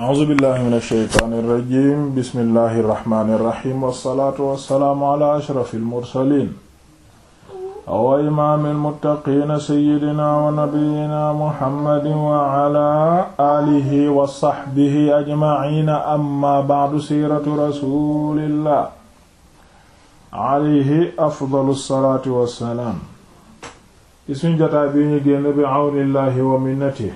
a'uuzu billahi min ashaytaani irrajim bismillahi irrahmani irrahim wassalaatu wassalaamu ala ashrafi almursalin wa imaami almuttaqiina sayidina wa nabiyina muhammadin wa ala aalihi wa saxbihi ajmaciina amma bacdu siiratu rasulillah alayhi afdalu salaatu wassalaam isuñ jataa bi ñu génn bi awnillahi wa minnatihi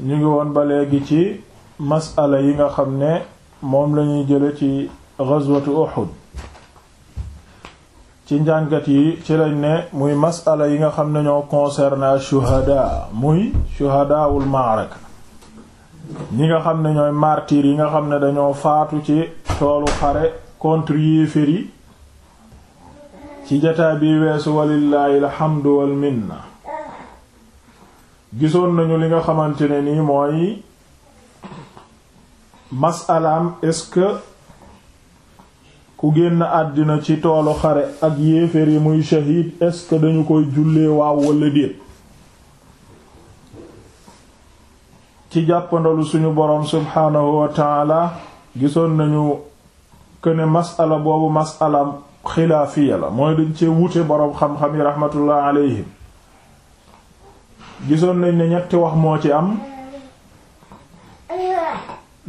ñu ngi woon ba léegi ci masala yi nga xam ne moom lañuy jële ci ghazwatu Uhud ci njàngat yi ci lañ ne muy masala yi nga xam ne ñoo concerné ashuhada muy shuhadaawul ma'raka ñi nga xam ne ñooy martyrs yi nga xam ne dañoo faatu ci toolu xare contre yéefér yi ci jataa bi weesu walillaahi alhamdu wal minna gisoon nañu li nga xamante ne nii mooy masalaam est-ce que ku génn àddina ci toolu xare ak yéeféer yi muy shahid est-ce que dañu koy jullee waaw walla déet ci jàppandalu suñu boroom subhaanahu wa taala gisoon nañu que ne masala boobu masalaam xilaafiya la mooy dañ ci wute boroom xam-xam yi rahmatullah alayhim gisoon nañ ne ñetti wax moo ci am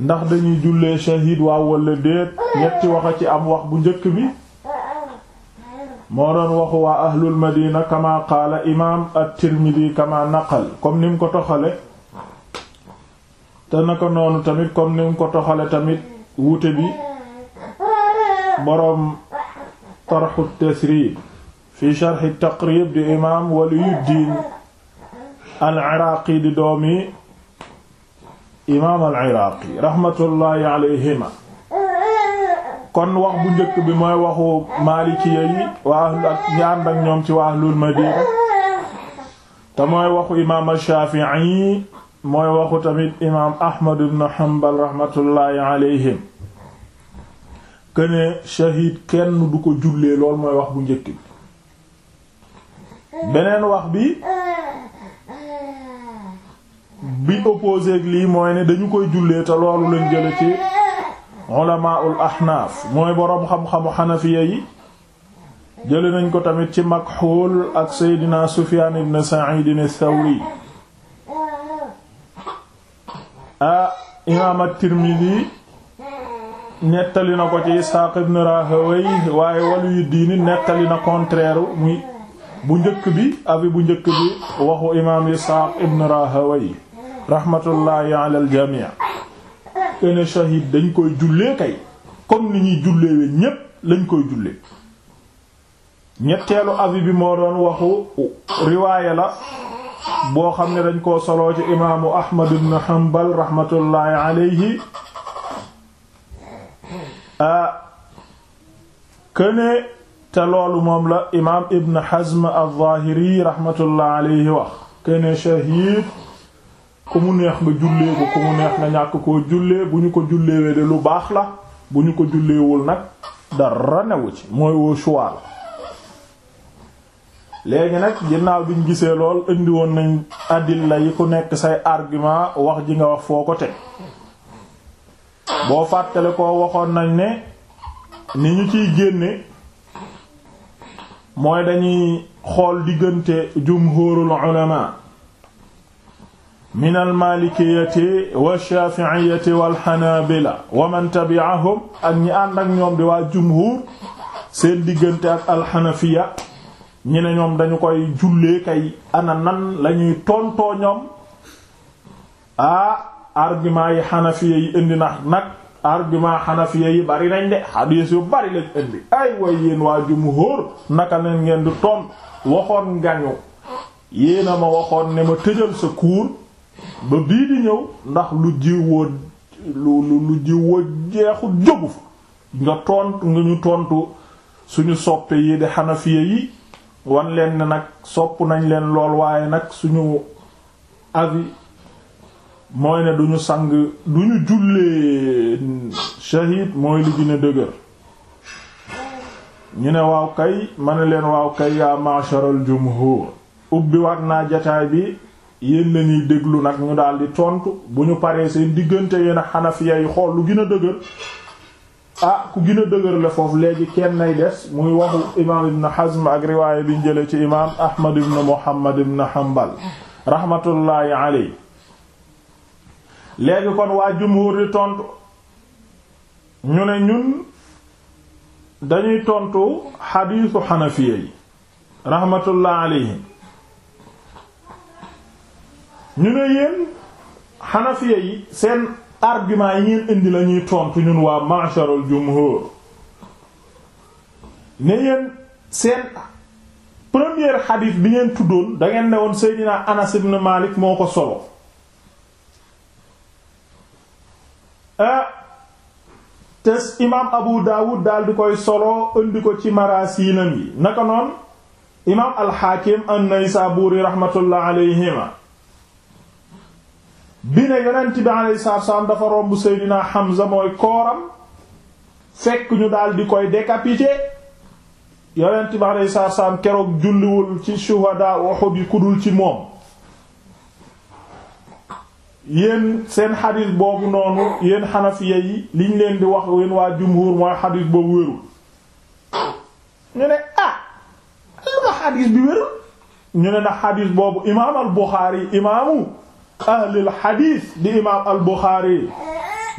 ndax dañuy jullee shahid waaw walla déet ñetti wax a ci am wax bu njëkk bi moo doon waxu waa ahlul madina kama qaala imaam at-Tirmidhi kama naqal comme ni mu ko toxale te naka noonu tamit comme ni mu ko toxale tamit wuute bi boroom tarxu tasrib fi sharh taqrib di imaam waliyuddin al iraaqi di doomi imaam al iraaqi raxmatullaahi alayhima kon wax bu njëkk bi mooy waxu maalikiya yi waa ak ñaan ak ñoom ci waa ahlul madina te mooy waxu imaam al shaafi'i mooy waxu tamit imaam ahmad ibn hanbal raxmatullaahi alayhim këne shahiid kenn du ko jullee lool mooy wax bu njëkk bi beneen wax bi bi opposé ak lii mooy ne dañu koy jullee te loolu lañ jële ci ulamaul mooy boroom xam-xamu nañ ko tamit ci Makxuul ak Seydina Sufyaan ibn Sa'iid as-Sawri tirmidi nettali na ko ci Isaaq ibn Rahaway waaye walu diini nettali na contraire bu njëkk bi abi bu njëkk bi waxu imaam Isaaq ibn Rahaway rahmatullahi ala al jamii ene shahid dañ koy jullee kay comme ni ñuy julleewee ñépp lañ koy jullee ñetteelu avis bi moo doon waxu riwaaya la boo xam ne dañ koo soloo ci imaamu ahmad ibn hanbal rahmatullahi alayhi a te loolu moom la imaam ibn hazm al-zahiri rahmatullahi alayhi wax këne shahid ku mu neex nga jullee ko ku mu neex nga ñàkk koo jullee bu ñu ko julleewee de lu baax la bu ñu ko julleewul nag dara newu ci mooy woo choix léegi nag ginnaaw ñu gisee lool indi woon nañ adilla yi ku nekk say argument wax ji nga wax foo ko teg boo fàttale ko waxoon nañ ne ni ñu ciy génne mooy dañuy xool diggante jumhurul ulama min almalikiyati walshafiiyati walxanabila wa man tabiahum ak ñi ànd ak ñoom di waa jumhur seen diggante ak alxanafiya ñi ne ñoom dañu koy jullee kay ana nan lañuy ñuy tontoo ñoom ah argument yi xanafiya yi indi na nag argument xanafiya yi bari nañ de xadiis yu bari lañ indi ay way yéen waa jumhur naka leen ngeen di tont waxoon ngañu yéena ma waxoon ne ma tëjal sa cours ba bii di ñëw ndax lu jiwoo lu lu jeexul jógu fa nga tontu nga ñu tontu suñu soppe yi di xanafiya yi wan leen ne nag sopp nañ leen lool waaye nag suñu avis mooy ne duñu sang duñu jullee shahid mooy li gën dëgër ñu ne waaw kay ma ne leen waaw kay yaa ma'sharal jumhur ubbi waat naa jataay bi yéen la ñuy déglu nag ñu daal di tontu bu ñu paree seen diggante yéen a xanafiya yi xool lu gën a dëgër ah ku gën dëgër la foofu léegi kenn nay des muy waxu imaam ibn Hazm ak riwaaya biñ jëlee ci imaam Ahmad ibn Muhammad ibn Hanbal rahmatullahi alayhi léegi kon waa jumhur di tontu ñu ne ñun dañuy tontu xadiisu xanafiya yi rahmatullahi alayhi ñu ne yéen xanafiya yi seen argument yi ngeen indi la ñuy tontu ñun waa masharul jumhur ne yéen seen première xadiis bi ngeen tuddoon da ngeen ne woon Seydina Anas Malik moo ko solo ah te imaam Abu Dawud daal di koy solo indi ko ci marasinam yi naka noonu imaam al-Hakim an-Naysaburi rahmatullah alayhima bi ne yonent bi alayhi salaatu salaam dafa romb Seydina Hamza mooy kooram fekk ñu daal di koy décapité yonent bi alayhi salaatu keroog julliwul ci shuhada Uhud yi kudul ci moom yéen seen xadis boobu noonu yéen xanafiya yi liñ leen di wax yéen waa jumhur mooy xadis boobu wérul ñu ne ah lu ma xadis bi wérul ñu ne na xadis boobu imaam al imaamu ahlil xadiis di imaam al buxaari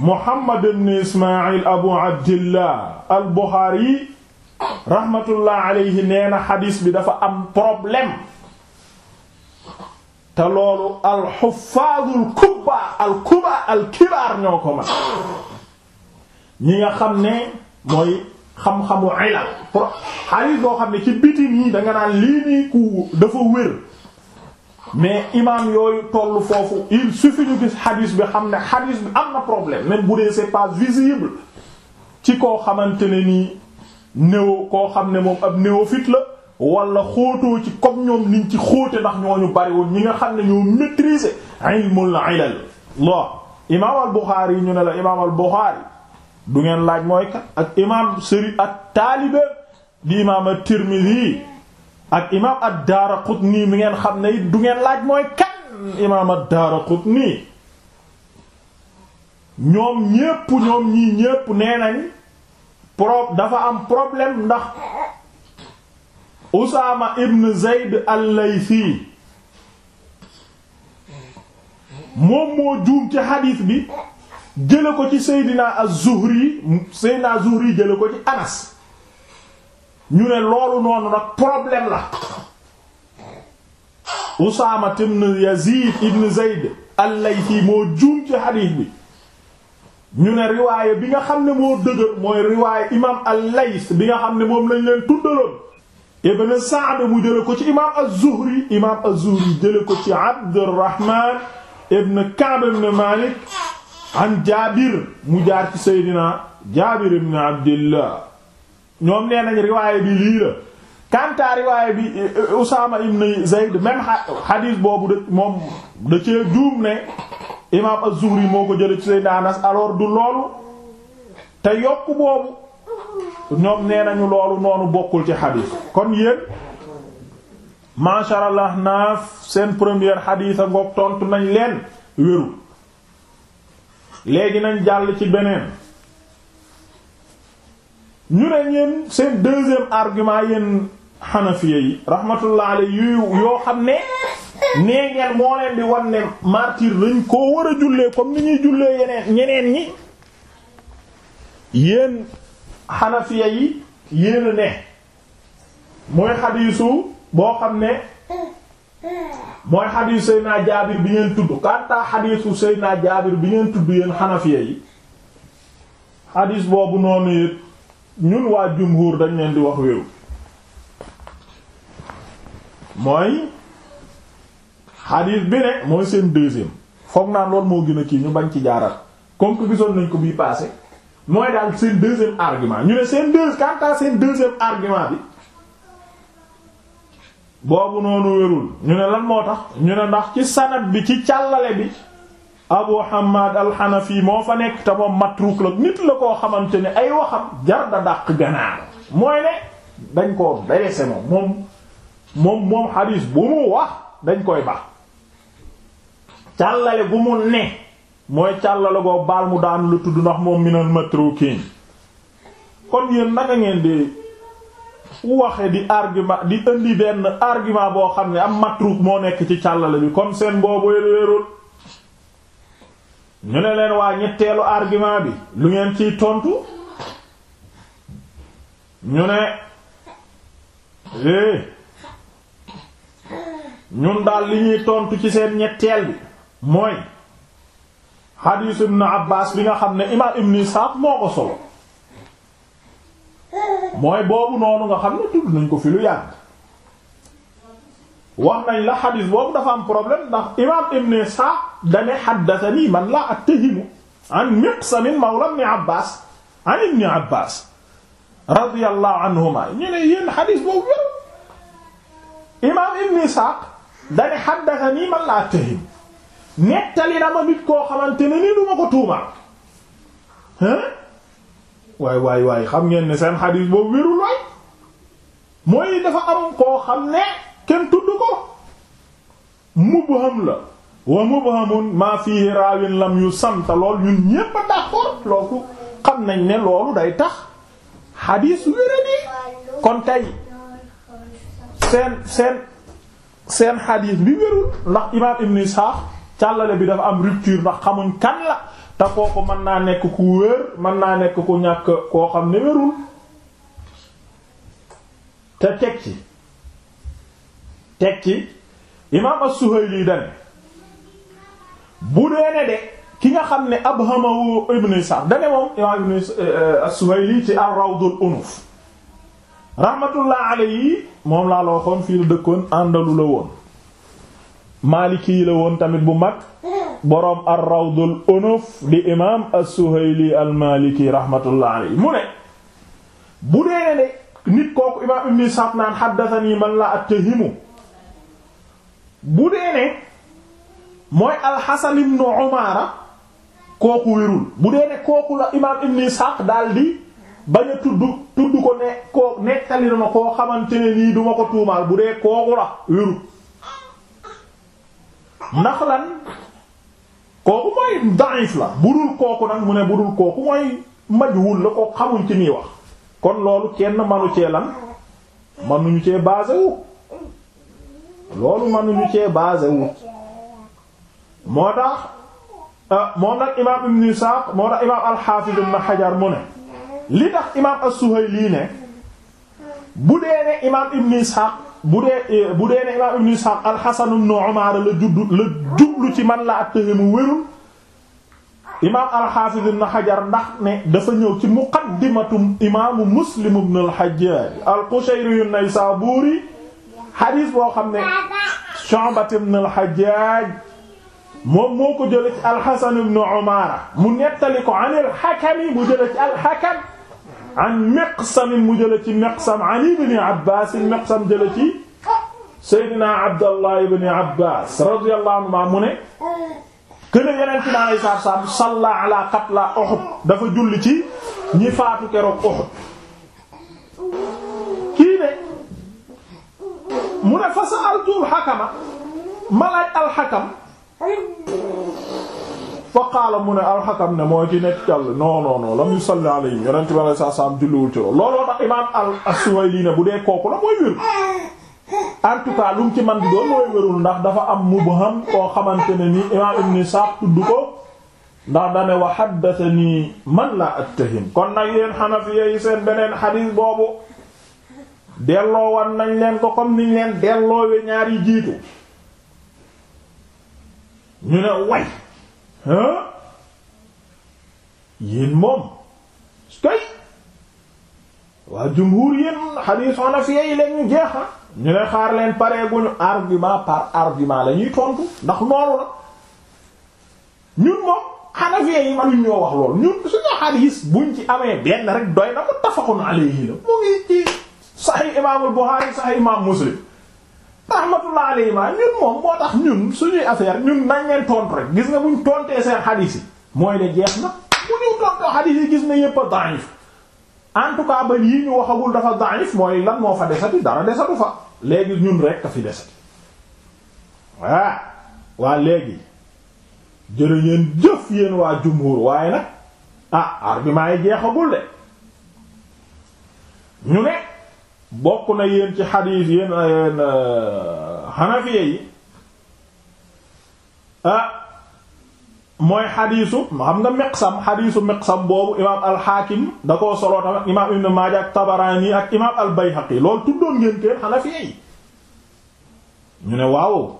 Muhammad ibn Ismaïl abu abdillah al rahmatullah alayhi nee xadiis bi dafa am problème te loolu al xuffaadul kubba ñoo ko man ñi nga xam ne mooy xam-xamu ilal xadiis boo xam ne ci biti nii danga naan lii nii ku dafa wér. mais imam yooyu tollu foofu il suffit ñu gis hadith bi xam ne hadith bi am na problème même bu dee c'est pas visible ci koo xamante ne nii néo koo xam ne moom ab néophyte la walla xóotoo ci comme ñoom niñ ci xóote ndax ñoo ñu bariwul ñi nga xam ne ñoo maîtriser ilmul ilal la imam al Bukhari ñu ne la imam al Bukhari du ngeen laaj mooy kat ak imam seri ak taalibe di imam at-Tirmidhi ak imaam ad-Daaraqutni mi ngeen xam ne it du ngeen laaj mooy kan imaam ad-Daaraqutni ñoom ñépp ñoom ñii ñépp nee nañ pro dafa am problème ndax Usaama ibn Zayd al-Laythi moom moo juum ci xadiis bi jële ko ci Seydina az-Zuhri Seydina az-Zuhri jële ko ci Anas ñu ne loolu noonu nag problème la Usaama ibn Yazid ibn Zayd al-Laythi moo juum ci xadiis bi ñu ne riwaayé bi nga xam ne moo dëgër mooy riwaayé imaam al-Layth bi nga xam ne moom lañ leen tuddaloon ibn Sa'd mu jële ko ci imaam az-Zuhri imaam az-Zuhri jële ko ci Abdurrahman ibn Ka'b ibn Malik an Jaabir mu jaar ci Seydina Jaabir ibn Abdillah ñoom nee nañ riwaayé bi lii la kanta riwaayé bi eh, eh, Usaama ibn Zayd même hadith boobu de moom da cee juum ne imaam az-Zuhri moo ko jëlee ci Sayyidina Anas alors du loolu te yokk boobu ñoom nee nañu loolu noonu bokkul ci hadith kon yéen macha allah naaf seen première hadith a tontu nañ leen wéru léegi nañ jàll ci beneen. ñu ne ñeen seen deuxième argument yéen xanafiya yi rahmatullah alayhi yoo xam ne nee ngeen moo leen di wan ne martyr lañ koo war a jullee comme ni ñuy jullee yeneen ñeneen ñi yéen xanafiya yi yéen a ne mooy xadiisu boo xam ne mooy xadiisu Seydina Jaabir bi ngeen tudd kanta xadiisu Seydina Jaabir bi ngeen tudd yéen xanafiya yi xadiis boobu noonu it ñun waa jumhur dañ leen di wax wéru mooy xadiis bi ne mooy seen deuxième foog naa loolu moo gën a kii ñu bañ ci jaaral comme que gisoon nañ ko bii passé mooy daal seen deuxième argument ñu ne seen deux quant à seen deuxième argument bi boobu noonu wérul ñu ne lan moo tax ñu ne ndax ci sanad bi ci càllale bi Abu Hamad al-Hanafi moo fa nekk te moom matruk la nit la koo xamante ni ay waxam jar da dàq ganaar mooy ne dañ koo blessé moom moom moom xadiis bu mu wax dañ koy baax càllale bu mu ne mooy càllale goo baal mu daan lu tudd ndax moom minal matrukin kon yéen naka ngeen di waxe di argument di indi benn argument boo xam ne am matruk moo nekk ci càllale bi kon seen boobu wéerul ñu ne leen waa ñetteelu argument bi lu ngeen ciy tontu ñu ne eh, ñun daal li ñuy tontu ci seen ñetteel bi mooy hadith na Abbas bi nga xam ne imaam ibn Isaaq moo ko solo mooy boobu noonu nga xam ne tudd nañ ko fi lu yàgg. wax nañ la xadis boobu dafa am problème ndax imam ibn Isxaaq dane xaddatani man la attahimu an Miqsam mawla ibn Abbaas an ibn Abbaas radiyallahu anhuma ñu ne xadis boobu wér ibn Isxaaq dane xaddatani man la attahimu nettali na ma nit koo xamante ne ni du ko tuumaal waay waay waay xam ngeen ne seen xadis boobu wérul mooy dafa am koo xam ne kenn tudd ko mubham la wa mubhamun maa fihi raawin lam yu samta lool yu ñépp a d'accord loolu xam nañ ne loolu day tax xadiis wéradi kon tey seen seen seen xadiis bi wérul ndax imaam ibn Ishaq càllale bi dafa am rupture ndax xamuñ kan la te kooku mën naa nekk ku wér mën naa nekk ku ñàkk koo xam ne wérul te teg ci teg ci imaam as-Suhayli dane bu dee ne de ki nga xam ne abhamahu ibn Sa'd dane moom imaam ibn eh, eh, as-Suhayli ci Unuf rahmatullah alayhi moom laa la fii la dëkkoon àndalu la woon maaliki la woon tamit bu mag boroom ar-Rawdul Unuf di imaam as-Suhayli al-Maliki rahmatullah alayhi mu ne bu dee ne de nit kooku imaam ibn Sa'd naan haddathani man attahimu bu dee ne mooy alxasan ibnu umaara kooku wérul bu dee ne kooku la imaam ibnu Isaaq daldi bañ a tudd tudd ko ne koo nettali na ma koo xamante ne nii duma ko tuumaal bu dee kooku la wérul ndax lan kooku mooy da'if la bu dul kooku nag mu ne bu dul kooku mooy majhul la ko xamuñ ci nii wax kon loolu kenn manu cee lan manuñu cee basé loolu mënuñu cee basé moo tax euh, moom nag imaam ibn Isaaq moo tax imaam al-Hafiz ibn mu ne li tax imaam as-Suhayli ne bu dee ne imaam ibn Isaaq bu dee euh, bu dee ne imaam ibn Isaaq al-Hasan ibn la jublu ci man la attahimu wérul imaam al-Hafiz ibn ndax ne dafa ñëw ci muqaddimatum imaamu Muslim ibn al-Hajjaj al-Qushayri an xadiis boo xam ne Shu'bat ibn al-Hajjaj moom moo ko jële ci al-Hasan ibn Umara mu nettali ko an al-Hakam mu jële ci al-Hakam an Miqsam mu jële ci Miqsam an ibn Abbas Miqsam jële ci Seydina Abdallah ibn Abbas radiyallahu anhu mu ne kene yeneen ci daanay saar saam salla ala qatla Uhud dafa julli ci ñi faatu keroog Uhud mu ne fa sa'altul xakama ma laaj alxakam fa qaala mu ne alxakam ne mooy ci nekk càll non non non lam yusalli alayhim yonent bi alayhi salaam julliwul ci loolu looloo tax imaam al-Suwayli ne bu dee kooku la mooy wér en tout ci man di doon mooy wérul ndax dafa am mubham koo xamante ne ni imaam Ibn Sa'd tudd ko ndax dane wa haddathani man la attahim kon nag yéen Hanafiya yi seen beneen xadiis boobu delloo wan nañ leen ko comme niñ leen delloowe ñaar yi jiitu ñu ne way hein yéen moom kay waa jumhur yéen xadiis xanafiya yi leen ñu jeexa ah? ñu ne xaar leen pareeguñu argument par argument la tontu ndax noonu la ñun moom xanafiya yi manuñ ñoo wax lool ñun suñu xadiis buñ ci amee benn rek doy na muttafaqun alayhi la mu ngi ci saxi imaamul Buxaari saxi imaam Muslim rahmatullah alayhima ñun moom moo tax ñun suñuy affaire ñun nañ leen tontu rek gis nga buñ tontee seen xadiis yi mooy ne jeex na bu ñu tontoo xadiis yi gis ne yépp a da'if en ñu waxagul dafa da'if mooy lan moo fa desati dara desatu fa léegi ñun rek a fi desati waa waa léegi jërë ngeen jëf yéen waa jumhur waaye nag ah argument yi jeexagul de ñu ne bokk na yéen ci xadiis yéen euh, yéen xanafiya euh, yi ah mooy xadiisu xam nga miqsam xadiisu miqsam boobu imaam alxaakim da koo soloo imaam ibn maaja tabaraani ak imaam albayhaqi loolu tuddoon ngeen keen xanafiya yi ñu ne waaw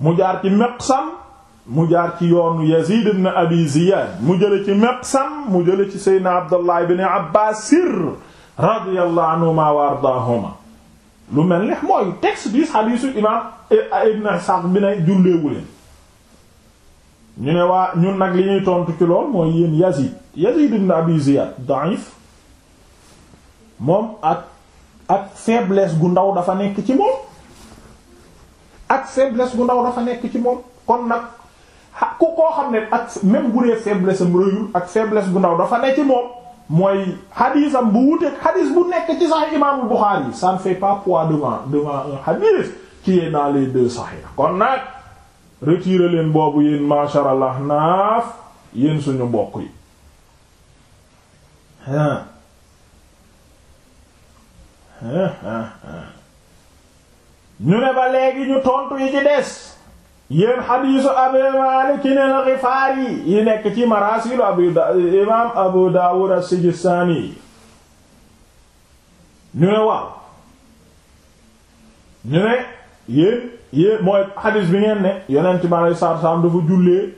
mu jaar ci miqsam mu jaar ci yoon yazid ibn abi ziyad mu jële ci miqsam mu jële ci seydna abdullah ibn abbaasir radiyallahu anhuma wa ardaahuma lu mel ni mooy texte bi xadiisu imaam eh, ibn Isaaq bi ne julleewu leen ñu ne waa ñun nag li ñuy tontu ci lool mooy yéen Yazid Yazid ibn Abi Ziyad da'if moom ak ak faiblesse gu ndaw dafa nekk ci moom ak ndaw dafa nekk ci moom kon nag ku koo xam ne ak même bu dee faiblesse am rëyul ak faiblesse gu ndaw dafa nekk ci moom mooy xadisam bu wuteeg xadis bu nekk ci sax imaamul Buxaari ça ne fait pas poids devant devant un xadis qui est dans les deux kon nag retiré leen boobu yéen mashar Allah naaf yéen suñu mbokk yi ah ah ah ñu ne ba léegi ñu tontu yi ci des yéen xadiisu Abi Maalik al-Gifaari yi yi nekk ci maraasilu abu imaam Abu Daawud as-Sijistaani yi ñu ne waaw ñu ne yéen mooy xadiis bi ngeen ne yonent bi alayhi salaatu salaam dafa jullee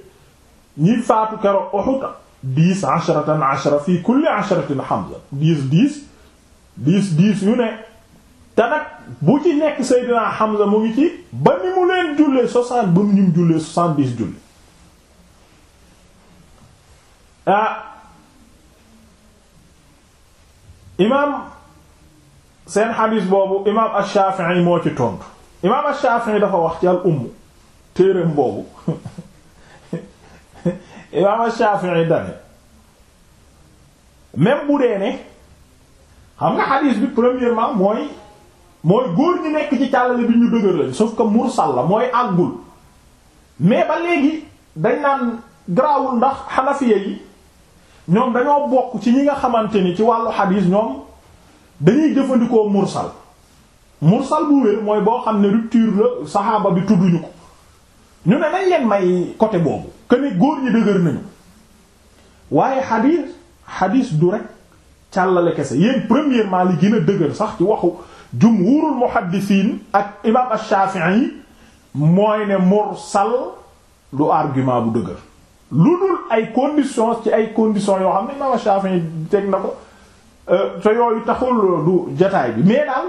ñi faatu keroog Uhud dix ashratan ashra fii kulli ashratin Hamza dix dix dix dix yu ne te nag bu ci nekk Seydina Hamza mu ngi ci ba ni mu leen jullee soixante ba mu ñu jullee soixante dix jullee ah imaam seen xadiis boobu imaam Ash-Shafi'i moo ci tontu imaam Ash-Shafi'i dafa wax ci al-Umm téereem boobu imaam Ash-Shafi'i dane même bu dee ne xam nga xadiis bi premièrement mooy. mooy góor ñi nekk ci càllale bi ñu dëgër lañ sauf que mursal la mooy àggul mais ba léegi dañ naan garaawul ndax xanafiya yi ñoom dañoo bokk ci ñi nga xamante ni ci wàllu xadiis ñoom dañuy jëfandikoo mursal mursal bu wér mooy boo xam ne rupture la saxaaba bi tudduñu ko ñu ne nañ leen may côté boobu que ne góor ñi dëgër nañu waaye xadiis xadiis du rek càllale kese yéen premièrement li gën a dëgër sax ci waxu jumhurul muhaddisiin ak imaam ash yi mooy ne mursal du argument bu dëgër lu dul ay conditions ci ay conditions yoo xam ne imaam ash-Shafi'i teg na ko euh, te yooyu taxul du jataay bi mais daal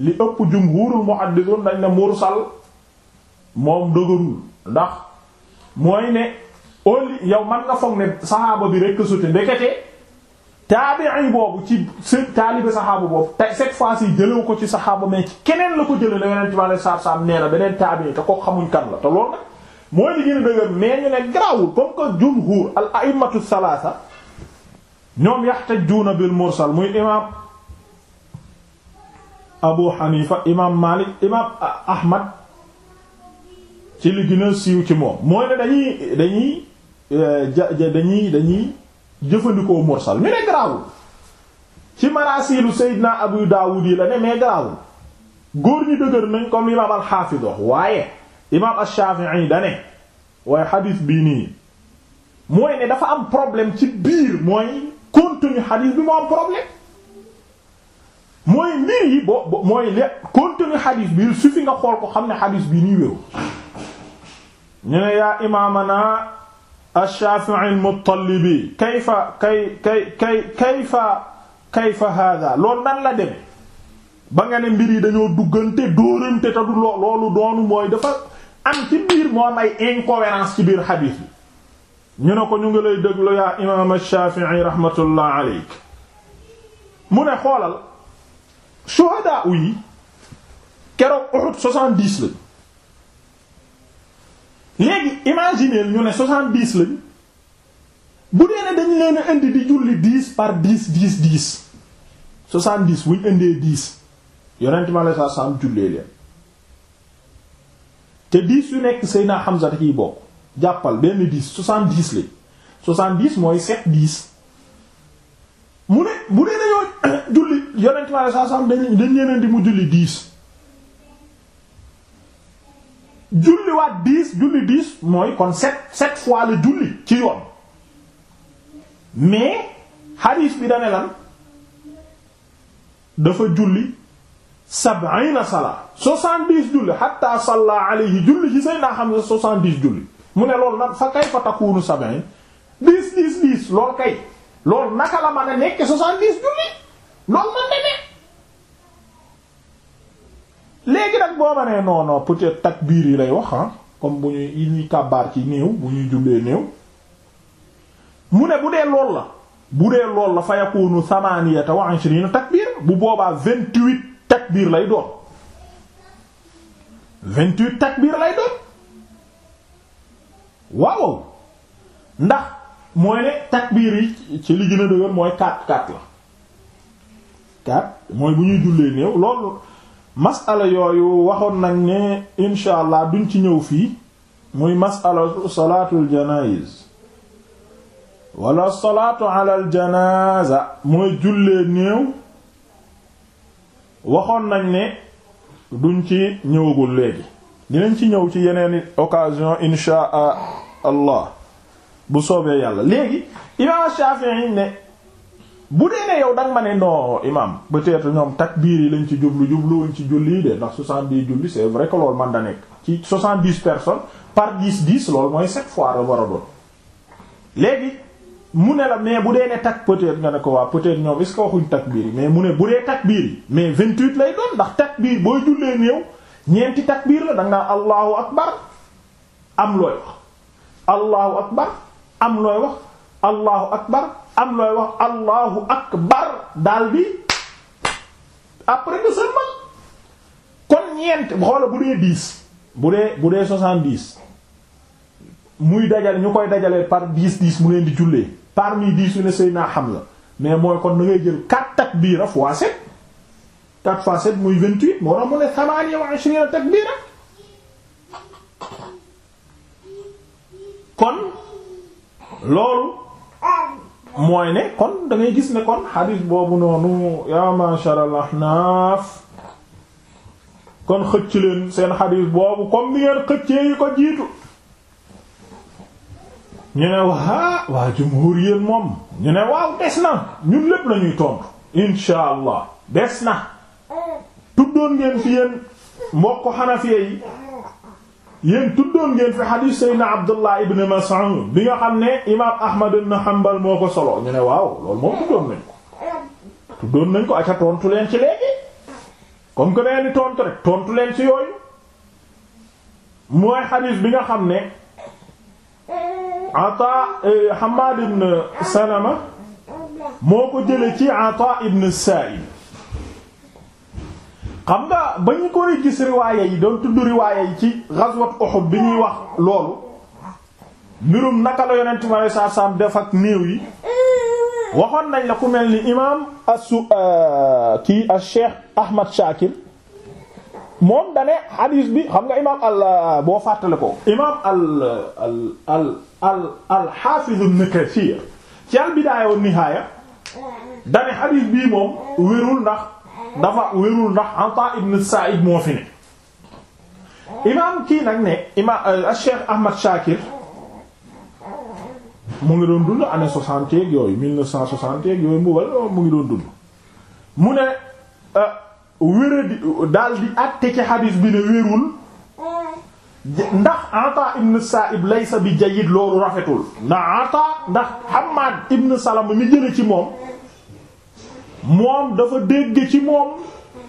li ëpp jumhurul muhaddisuun dañ ne mursal moom dëgërul ndax mooy ne au yow man nga foog ne saxaaba bi rekk sute ndekete taabi'i boobu ci seen taalibe saxaaba boobu tey set fois ci jëlew ko ci saxaaba mais ci keneen la ko jëlee la yonent bi alayhi salaatu salaam nee na beneen taabi'i te ko xamuñ kan la te loolu nag mooy li gën a dëgër mais ñu ne garaawul comme que jumhur al a'immatu salaasa ñoom yahtajjuuna bil mursal muy imaam Abu Hanifa imaam Malik imaam Ahmad ci li gën siiw ci moom mooy ne dañuy dañuy euh, dañuy dañuy. jëfandikoo mursal mi ne garaawul ci maraasilu Seydina Abu Daawud yi la ne mais garaawul góor ñu dëgër nañ comme imaam al waaye imaam al-Shafi'i da ne waaye xadiis bii nii mooy ne dafa am problème ci biir mooy contenu xadiis bi moo am problème mooy mbir yi bo mooy le contenu xadiis bi su fi nga xool ko xam ne xadiis bii nii wéru ñu ne yaa imaamana ash-Shafi'i al-Muttalibi kayfa kay kay kay kayfa kayfa hada loolu nan la dem ba nga ne mbir yi dañoo duggante dóorante te du loolu doonu mooy dafa am ci moo am ay incohérence ci biir xadiis bi ñu ne ko ñu ngi lay déglu yaa imaam ash-Shafi'i rahmatullah aleyk mu ne xoolal shuhadaa yi keroog Uhud soixante-dix la léegi imaginer ñu ne soixante-dix lañ bu dee ne dañ leen a indi di julli dix par dix dix dix soixante-dix bu ñu indee dix yonent mi alayhi salaam jullee leen te dix yu nekk Seydina Hamza da ciy bokk jàppal benn dix soixante-dix lañ soixante-dix mooy sept dix mu ne bu dee dañoo julli yonent mi alayhi dañ dañ leen indi mu julli dix. julliwaat dix julli dix mooy kon sept sept fois la julli ci yoon mais xadiis bi dane lan dafa julli sab'ina sala soixante-dix julli hatta salla alayhi julli ci say naa xam ne soixante-dix julli mu ne loolu nag fa kay fa takkuunu sab'in dix dix dix loolu kay loolu naka la mën a nekk soixante-dix julli loolu man demee léegi nag booba nee non non peut-être yi lay wax ah comme bu ñuy yi ñuy kàbbaar ci néew bu ñuy jullee néew mu ne bu dee lool la bu dee lool la fa yakunu thamaniyata wa ashrina takbiir bu boobaa vingt-huit takbiir lay doon vingt-huit takbiir lay doon waaw ndax mooy ne takbiir yi ci li gën a dëgër mooy quatre quatre la quatre mooy bu ñuy jullee néew loolu masala yooyu waxoon nañ ni incha allah duñ ci ñëw fii muy masala salaatul janaayiz wala salaatu alal janaaza mooy jullee néew waxoon nañ ni duñ ci ñëwagul léegi dinañ ci ñëw ci yeneen occasion incha allah bu soobee yàlla léegi imam Shafi'i ne bu dee ne yow danga ma ne non imam peut-être ñoom takbiir yi lañ ci jublu jublu jubluwuñ ci julli de ndax 70 julli c'est vrai que loolu man da nekk ci 70 personnes par 10 10 loolu mooy 7 fois la war a doon léegi mu ne la mais bu dee ne tak peut nga ne ko waa peut-être ñoom est-ce que waxuñ takbiir yi mais mu ne bu dee takbiir yi mais 28 lay doon ndax takbiir booy jullee néew ñeenti takbiir la da nga allahu akbar am looy wax allahu akbar am looy wax allahu akbar am looy wax allahu akbar daal bi après nga sëlmal kon ñeent xoola bu dee dix bu dee bu dee soixante-dix muy dajale ñu koy dajalee par dix dix mu leen di jullee parmi dix yu ne xam Hamza mais mooy kon na ngay jël quatre takbira fois sept quatre fois sept muy vingt-huit moo tax mu ne thamaniya wa takbira kon loolu mooy ne kon dangay gis ne kon xadis boobu noonu yaa masharal ahnaaf kon xëcc leen seen xadis boobu comme ni ngeen xëccee yi ko jiitu ñu ne waa waa jumhur moom ñu waaw des na ñun lépp la ñuy tontu insha allah des na tuddoon ngeen fi yéen mbokk xanafiya yi yéen tuddoon ngeen fi xadiis Seydina Abdullah ibn Mas'ud bi nga xam ne imaam Ahmad ibn Hanbal moo ko solo ñu ne waaw loolu moom tuddoon nañ ko tuddoon nañ ko aca leen ci léegi comme que nee ni tontu rek tontu leen ci yooyu mooy xadiis bi nga xam ne Ata eh, Hamad ibn Salama moo ko jële ci Ata ibn Sa'id xam nga ba ñu ko gis riwaaya yi doon tudd riwaaya yi ci ghazwat Uhud bi ñuy wax loolu mbirum naka la yonent mi alayhi salaatu salaam def ak néew yi waxoon nañ la ku mel ni imaam asu euh, kii a Cheikh Ahmad Shakir moom dane hadis bi xam nga imaam al euh, boo fàttale ko imaam al al al al al Hafiz Ibn Kathir ci al Bidaaya Nihaaya dane hadis bii moom wérul ndax dafa wérul ndax Ata ibn Sa'id moo fi ne imaam kii nag ne imaam euh, Cheikh Ahmad Shakir mu ngi doon dund année soixante yeeg yooyu mille neuf cent soixante yeeg yooyu mu wala mu ngi doon dund mu ne euh, wéra di daal di àtte ci xadiis bi ne wérul ndax Ata ibn Sa'ib laysa bi jayyid loolu rafetul ndax Ata ndax Hammad ibn Salama mi jële ci moom moom dafa dégg ci moom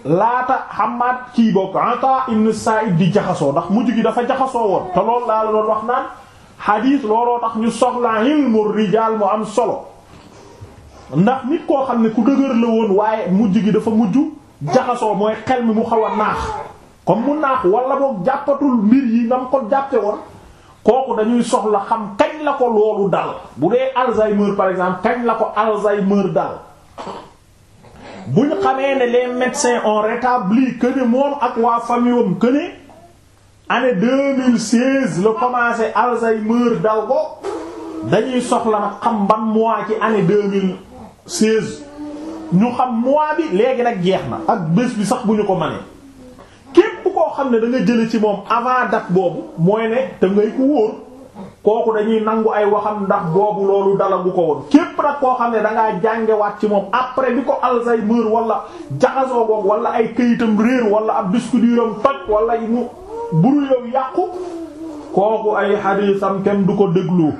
laata Hamad kii bokk Ata ibn Sa'id di jaxasoo ndax mujj gi dafa jaxasoo woon te lool laa la doon wax naan xadiis looloo tax ñu soxla ilmu rijaal mu am solo ndax nit koo xam ne ku dëgër la woon waaye mujj gi dafa mujj jaxasoo mooy xel mi mu xaw a naax comme mu naax wala boog jàppatul mbir yi nga ko jàppe woon kooku dañuy soxla xam kañ la ko loolu dal bu dee Alzheimer par exemple kañ la ko Alzheimer dal bu ñu xamee ne les médecins ont rétabli que ne moom ak waa famille am que ne année deux mille la commencé Alzheimer dal ko dañuy soxla nag xam ban mois ci année deux mille seize ñu xam mois bi léegi nag jeex na ak bés bi sax bu ñu ko mënee képp koo xam ne danga jële ci moom avant date boobu mooy ne te ngay ko wóor. kooku dañuy nangu ay waxam ndax boobu loolu dalagu ko woon képp nag koo xam ne dangaa jàngewaat ci moom après bi ko Alzheimer wala jaxasoo boog wala ay këyitam réer wala ab disque duram toj wala mu buru yow yàqu kooku ay xadiisam kenn du ko déglu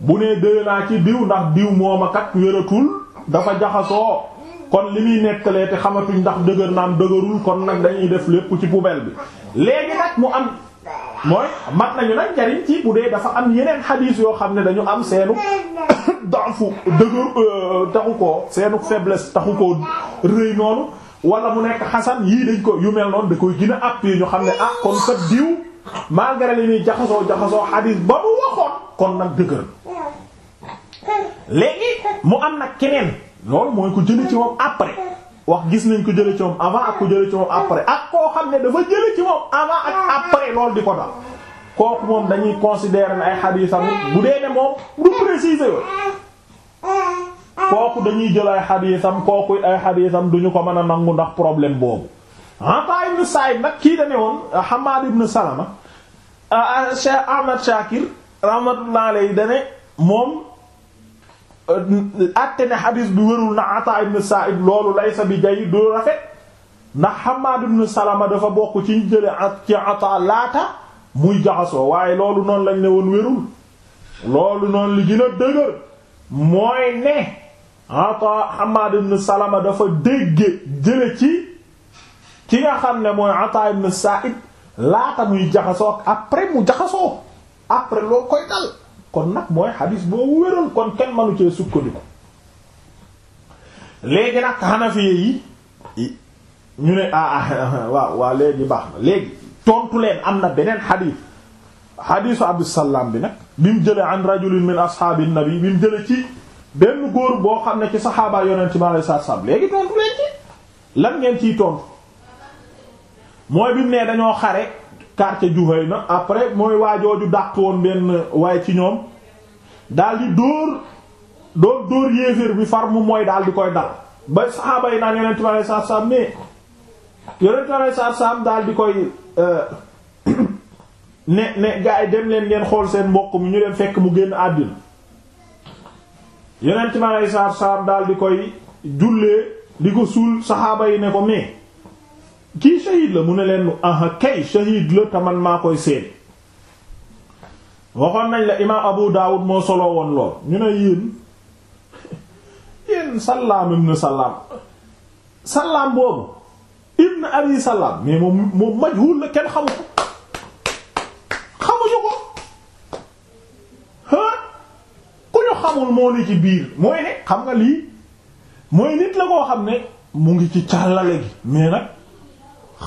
bu nee dëye naa ci diw ndax diw mooma kat wératul dafa jaxasoo kon li muy nekkalee te xamatuñ ndax dëgër naam dëgërul kon nag dañuy def lépp ci poubelle bi léegi nag mu am mooy mat nañu nag njariñ ci bu dafa am yeneen xadiis yoo xam ne dañu am seenu daafu dëgër euh, taxu ko seenu faiblesse taxu ko rëy noonu wala mu nekk xasan yii dañ ko yu mel noonu da koy gën a appui ñu xam ne ah kon kat diw malgré li ñuy jaxasoo jaxasoo xadiis ba mu waxoon kon nag dëgër léegi mu am nag keneen loolu mooy ko jëlee ci moom après. wax gis nañ ko jële ci moom avant ak ko jële ci moom ak koo xam ne dafa jële ci moom avant ak après loolu di ko dal kooku moom dañuy considérer ne ay xadiisam bu dee ne moom du préciser yo kooku dañuy jël ay xadiisam kooku ay xadiisam duñu ko mën a nangu ndax problème boobu Ata ibn Sa'id nag kii dane woon Hammad ibn Salama ah, ah, Cheikh Ahmad Shakir rahmatullahi alayhi dane moom atte ne xadis bi wérul na Ata ibn Sa'id loolu laysa bi jay du rafet ndax Hammad ibn Salama dafa bokk ci jële ci Ata laata muy jaxasoo waaye loolu noonu lañ ne woon wérul loolu noonu li gën a dëgër mooy ne Ata Hammad Salama dafa dégge jële ci ki nga xam ne mooy Ata ibn Sa'id laata muy jaxasoo après mu jaxasoo après loo koy dal kon nag mooy xadis boobu wéral kon kenn manu cee sukkandiku léegi nag xanafiye yi ñu ne ah, ah, ah, ah waaw waaw léegi baax na léegi tontu leen am na beneen xadis xadisu abdusalaam bi nag bi mu jële an rajulin min ashaabi nabi bi mu jële ci benn góor boo xam ne ci saxaaba yonent mi alayhi salaam léegi tontu leen ci lan ngeen ciy tontu mooy bi mu ne dañoo xare quartier Juhayna après mooy waajooju dàq woon benn waaye ci ñoom daal di dóor doon dóor yéeféer bi far mu mooy daal di koy dal ba saxaaba yi naan yonentu Yàlla sallallahu alayhi wasallam ne yonentu daal di koy euh, ne ne gaa yi dem leen ngeen xool seen mbokk mi ñu dem fekk mu génn àddina yonentu Yàlla sallallahu alayhi wasallam daal di koy jullee di ko suul saxaaba yi ne ko mais kii shahid la mu ne leen aha kay shahid la taman maa koy seede waxoon nañ la imaam Abu Dawud moo soloo woon lool ñu ne yéen yéen Sallaam ibn Sallaam Sallaam boobu ibn Abi Sallaam mais moom moom majhul la kenn xamu ko xamuñu ko ah ku ñu xamul moo ni ci biir mooy ne xam nga lii mooy nit la koo xam ne mu ngi ci càllale gi mais nag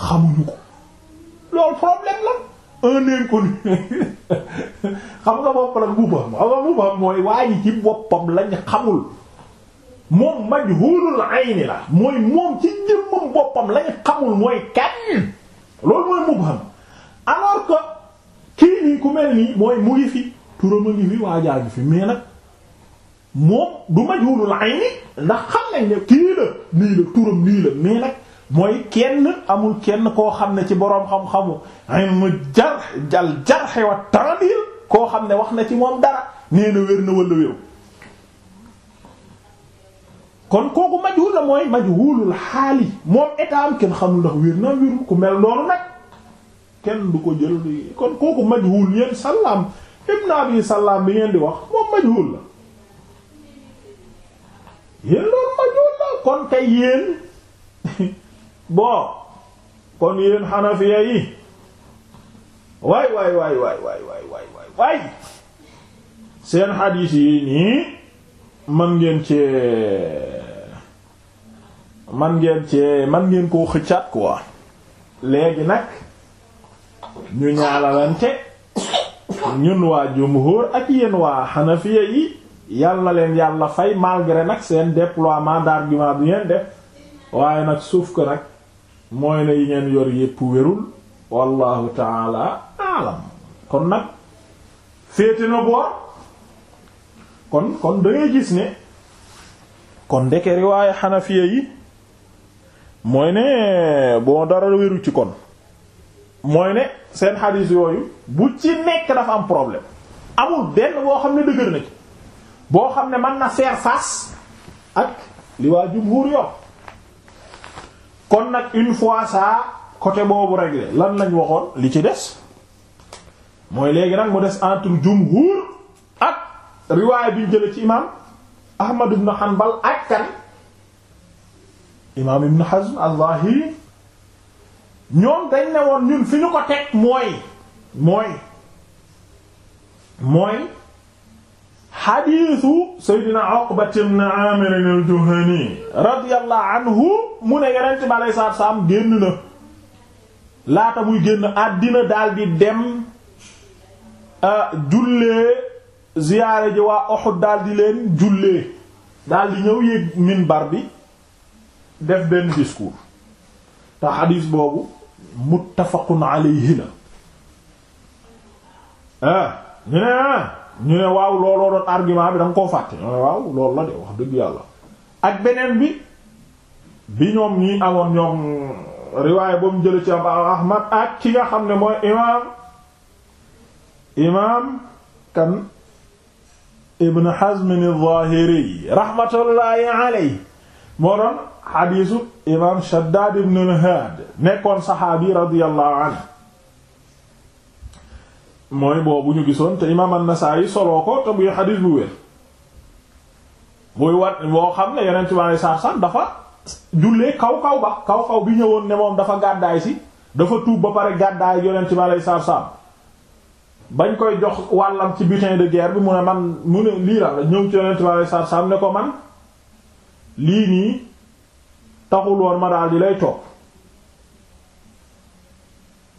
xamuñu ko loolu problème la un inconnu xam nga bopp la mubham xam nga mubham mooy waa ji ci boppam lañ xamul moom majhulul ayni la mooy moom ci jëmmam boppam lañ xamul mooy kan loolu mooy mubham alors que kii nii ku mel nii mooy mu ngi turam a ngi fi waajaa fi mais nag moom du majhulul ayni ndax xam nañ ne kii la nii la turam nii la mais nag mooy kenn amul kenn koo xam ne ci boroom xam-xamu ilmu jar jal jarxe wa ta'dil koo xam ne wax na ci moom dara nee na wér na wala wéru kon kooku majhul la mooy kenn xamul ndax wér na wéru ku nag kenn du ko jël kon kooku majhul yéen salaam ibn abi salaam bi ngeen di wax moom majhul la yéen loolu majhul la kon kay yéen bon kon yéen xanafiya yi waay waay waay waay waay seen xadiis yi nii man ngeen ci man ngeen ci man ngeen koo xëccaat quoi léegi nag ñu ñaalalante ñun waa jumhur ak yéen waa xanafiya yi yal na leen yàlla fay malgré nag seen déploiement d'argument bi ngeen def waaye nag suuf ko nag mooy ne yi ngeen yor yépp wérul wallahu taala alam kon nag féete na boor kon kon da gis ne kon ndeke riwaaye xanafiya yi mooy ne boo dara wéru ci kon mooy ne seen xadiis yooyu bu ci nekk dafa am problème amul benn boo xam ne dëgër na boo xam ne mën na faire face ak li waa jumhur yo kon nag une fois ça côté boobu réglé lan lañ waxoon li ci des mooy léegi nag mu des entre jumhur ak riwaay bi jële ci imam Ahmad ibn Hanbal ak kan imam Ibn Hazm al-Zahiri ñoom dañ ne woon ñun fi ñu ko teg mooy mooy mooy xadiisu Seydina Uqbat ibn Aamir al-Juhani radiyallahu anhu mu ne Yonent bi alayhi salaatu salaam génn na laata muy génn àddina daal di dem euh, jullee ziyaare ji waa Uhud daal leen jullee daal ñëw yéeg minbar bi def benn discours te xadiis boobu muttafaqun alayhi la ah ne ah. ñu ne waaw looloo doon argument bi da nga koo fàtte ñu ne waaw loolu la de wax dëgg yàlla ak beneen bi bi ñoom ni amoon ñoom riwaay ba mu jële ci ab Ahmad ak ki nga xam ne mooy imaam imaam kan Ibn Hazm al-Zahiri rahmatullahi alayhi moo doon xadiisu imaam Shaddaad ibn al nekkoon saxaabi radiyallahu anhu mooy boobu ñu gisoon te man an yi soloo ko te muy xadiis bu wér muy wat boo xam ne yeneen ci wàllu saar dafa jullee kaw kaw ba kaw kaw bi ñëwoon ne moom dafa gàddaay si dafa tuub ba pare gàddaay yonent ci alei saatu bañ koy jox wàllam ci butin de guerre bi mu ne man mu ne lii la ñëw ci yonent bi alei saatu ne ko man lii nii taxul woon ma daal di lay topp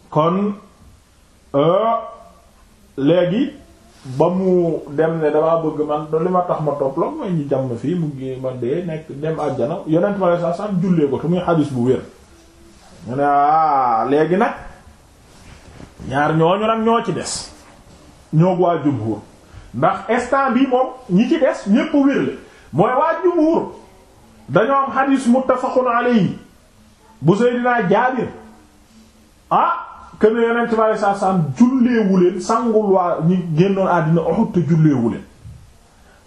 kon euh, léegi ba mu dem ne damaa bëgg man do li ma tax ma topp la mooy jam jàmm fii mu ngi ma dee nekk dem àjjana yonent ma la sax sax jullee ko te muy bu wér ah, nag ñaar ñooñu nag ñoo ci des ñoo waa jumhur ndax instant bi moom ñi ci des ñépp wér la mooy waa jumhur dañoo am xadis muttafaqun alayhi bu Seydina Jaabir ah kën yonent bi alei satu julleewu leen sangul waa ñi génnoon àddina Uhud julleewu leen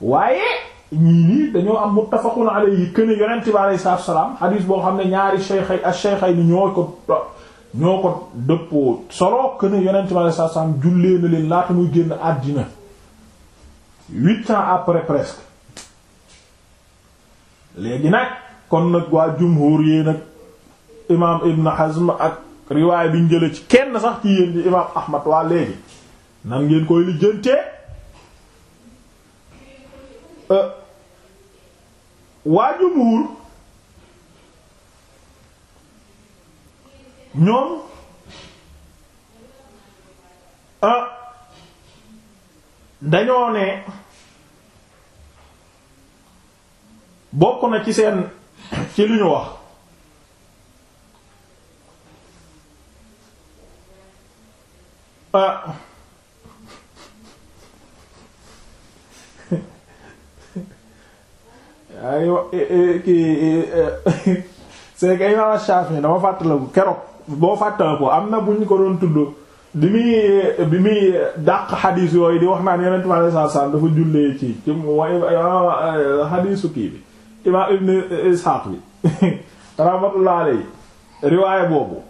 waaye ñii dañoo am muttafaqun alayhi kën yonent bi alei satu salaam boo xam ne ñaari shaykhay ash-shaykhayni ñoo ko ñoo ko dëppoo solo kën yonent bi alei satu salaam jullee na leen laata muy génn àddina huit ans après presque léegi nag kon nag waa jumhur yi nag imaam Ibn Hazm riwaay bi ñu ci kenn sax ci yéen ci imaam Ahmad waa léegi nan ngeen koy lijjantee euh, waa jumhur ñoom euh, dañoo ne bokk na ci seen ci luñu wax ah ay kii e, c'est que imaam Shafi dama fàttaliku keroog boo fàttaliku am na bu ñu ko doon tudd bi muy bi muy dàq xadiis yooyu di wax naan Yonent bi sallallahu alayhi wasallam dafa jullee ci ci xadiisu kii bi imaam Ibn Ishaq bi rahmatullahi alayhi riwaaya boobu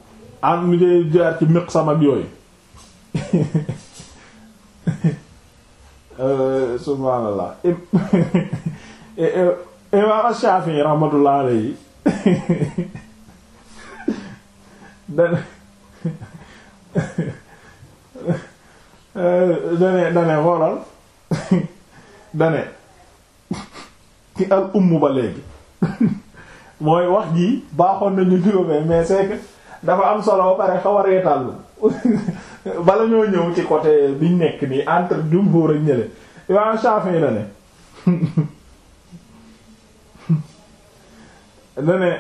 am mu jël jaar ci miq sama ak yooyu Euh, subhaanallah imaam eh, eh, Shaafi'i rahmatullah yi dane dane dane xoolal dane ki al umm ba léegi mooy wax gi baaxoon nañu juróomee mais c'est dafa am solo ba pare xaw a bala ñoo ñëw ci côté biñ nekk nii entre jumhur ak ñële imam Shafi'i na ne na ne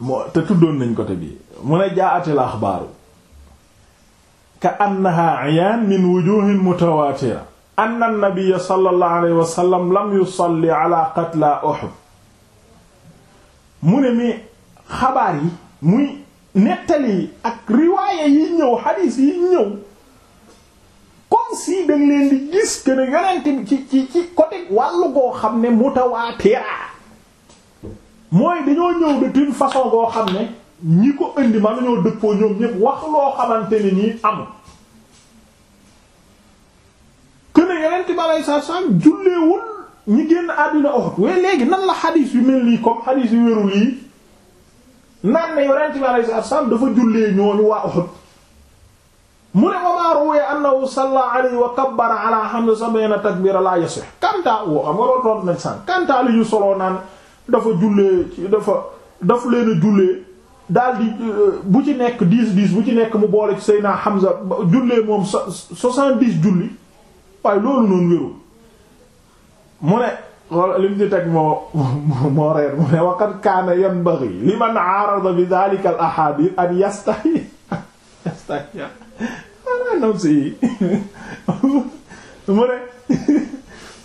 moo te tuddoon nañ côté bii mu ne jaa'atil axbaaru ka annaha ayaan min wujuhin mutawaatira anna an-nabiyya sallallahu alayhi wa sallam lam yusalli ala qatla mu ne mi xabaar yi muy nettali yi ak riwaaya yi ñëw xadiis yi ñëw comme si dañ leen di gis que ne yonent bi ci ci ci côté wàllu goo xam ne mutawaatira mooy dañoo ñëw de d'une façon goo xam ne ñi ko indi ma nañoo dëppoo ñoom ñëpp wax loo xamante ne nii amul que ne yonent bi alayhi salaam julleewul ñi génn àddina oxut waaye léegi nan la xadiis yu mel nii comme xadiis yu wérul yi naan ne yonent bi alayhi salaatu salaam dafa jullee ñooñu waa Uhud mu ne wamaa ruwiya annahu salla alayhi wa kabbara ala hamsa sab'iina takbiira laa yasih kantaa woo xam nga loolu doon nañ sànq kantaa li ñu soloo naan dafa jullee dafa daf leen a jullee daal di bu ci nekk dix dix bu ci nekk mu boole ci Seydina Hamza jullee moom soixante-dix julli waaye loolu noonu wérul mu ne wala lim ci teg moo moo reer mu ne waqad kaana yanbaghi liman aarada bi dhalika al ahadith an yastahi yastahi maanaam si mu ne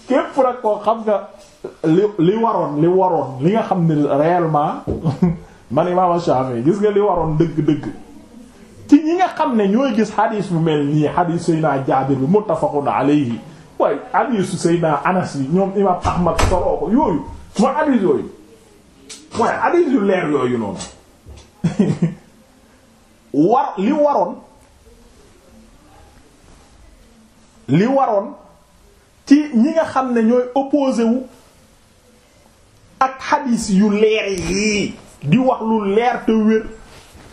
képp rek koo xam nga li li waroon li waroon li nga xam ne réellement man imaam Shafi'i gis nga li waroon dëgg-dëgg ci ñi nga xam ne ñooy gis xadiis bu mel nii xadiis Seydina Jaabir bi muttafaqun alayhi waaye hadiisu Seydina Anas yi ñoom imam Ahmad soloo ko yooyu mooy hadiis yooyu mooy hadiis yu leer yooyu noonu war li waroon li waroon ci ñi nga xam ne ñooy opposé wu ak xadiis yu leer yii di wax lu leer te wér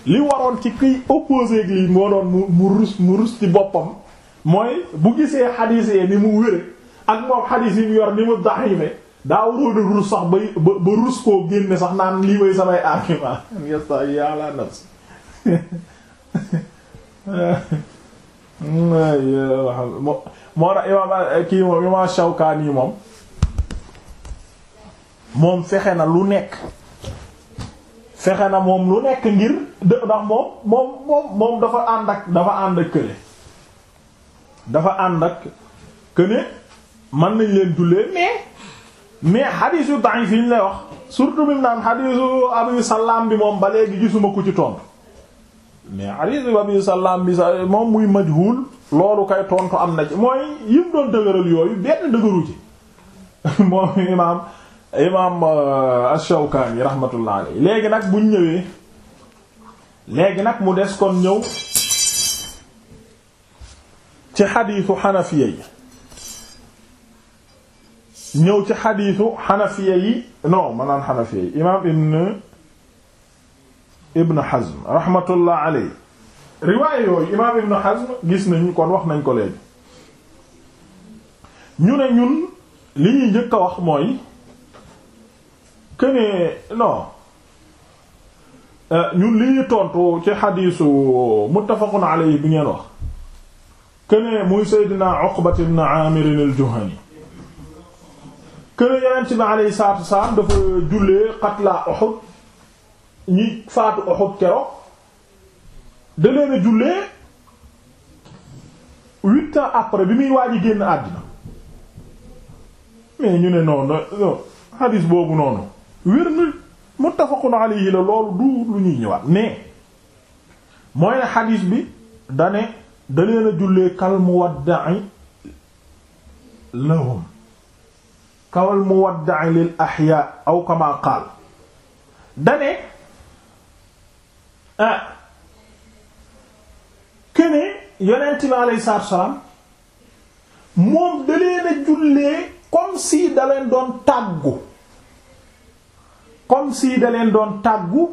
li waroon ci kiy opposé ak lii moo doon mu rus mu rus ci boppam mooy bu gisee xadiis yi ni mu wére ak moom xadiis yi yor ni mu daxiife daa waroon a rus sax bay ba ba rus koo génne sax naan lii may samay argument yesta yàlla nafs moo moom moom fexe na lu nekk fexe na moom lu nekk ngir ndax moom moom moom moom dafa ànd ak dafa ànd ak kële dafa ànd ak que ne mën nañ leen jullee mais mais xadiis yu da'if yi ñu lay wax surtout bi naan xadiisu Abi Salaam bi moom ba léegi gisuma ku ci tontu mais xadiisu Abi Salaam bi sa moom muy majhul loolu kay tontu am na ci mooy yim doon dëgëral yooyu benn dëgëru ci moom imaam imaam euh, Ash-Shawkaani rahmatullah alayhi léegi nag buñ ñëwee léegi nag mu des kon ñëw. ci xadiisu xanafiya yi ñëw ci xadiisu xanafiya yi non ma naan xanafiya yi imaam ibn ibn Hazm rahmatullah aley riwaay yooyu imaam ibn Hazm gis nañu kon wax nañ ko léegi ñu ne ñun li ñuy njëkk a wax mooy que ne euh, ñun li ñuy tontu ci xadiisu muttafaqun aley bi ngeen wax kënee muy Seydina Uqbat ibn Amir al-Juhani kënee Yonent bi alayhi salaatu wa dafa jullee qatlaa Uhud ñi faatu Uhud keroog da leen jullee huit après bi muy waaj a génn àddina mais ñu ne noonu hadis boobu noonu wér na muttafaqun alayhi la loolu du lu ñuy ñëwaat mais mooy ne hadis bi dane da leen a jullee kal muwadda'i lahum kawal muwadda'i lil ahya aw kama qaal dane ah kene bi alayhi salaatu wassalaam moom da leen a jullee comme si da leen doon tàggu comme si da leen doon tàggu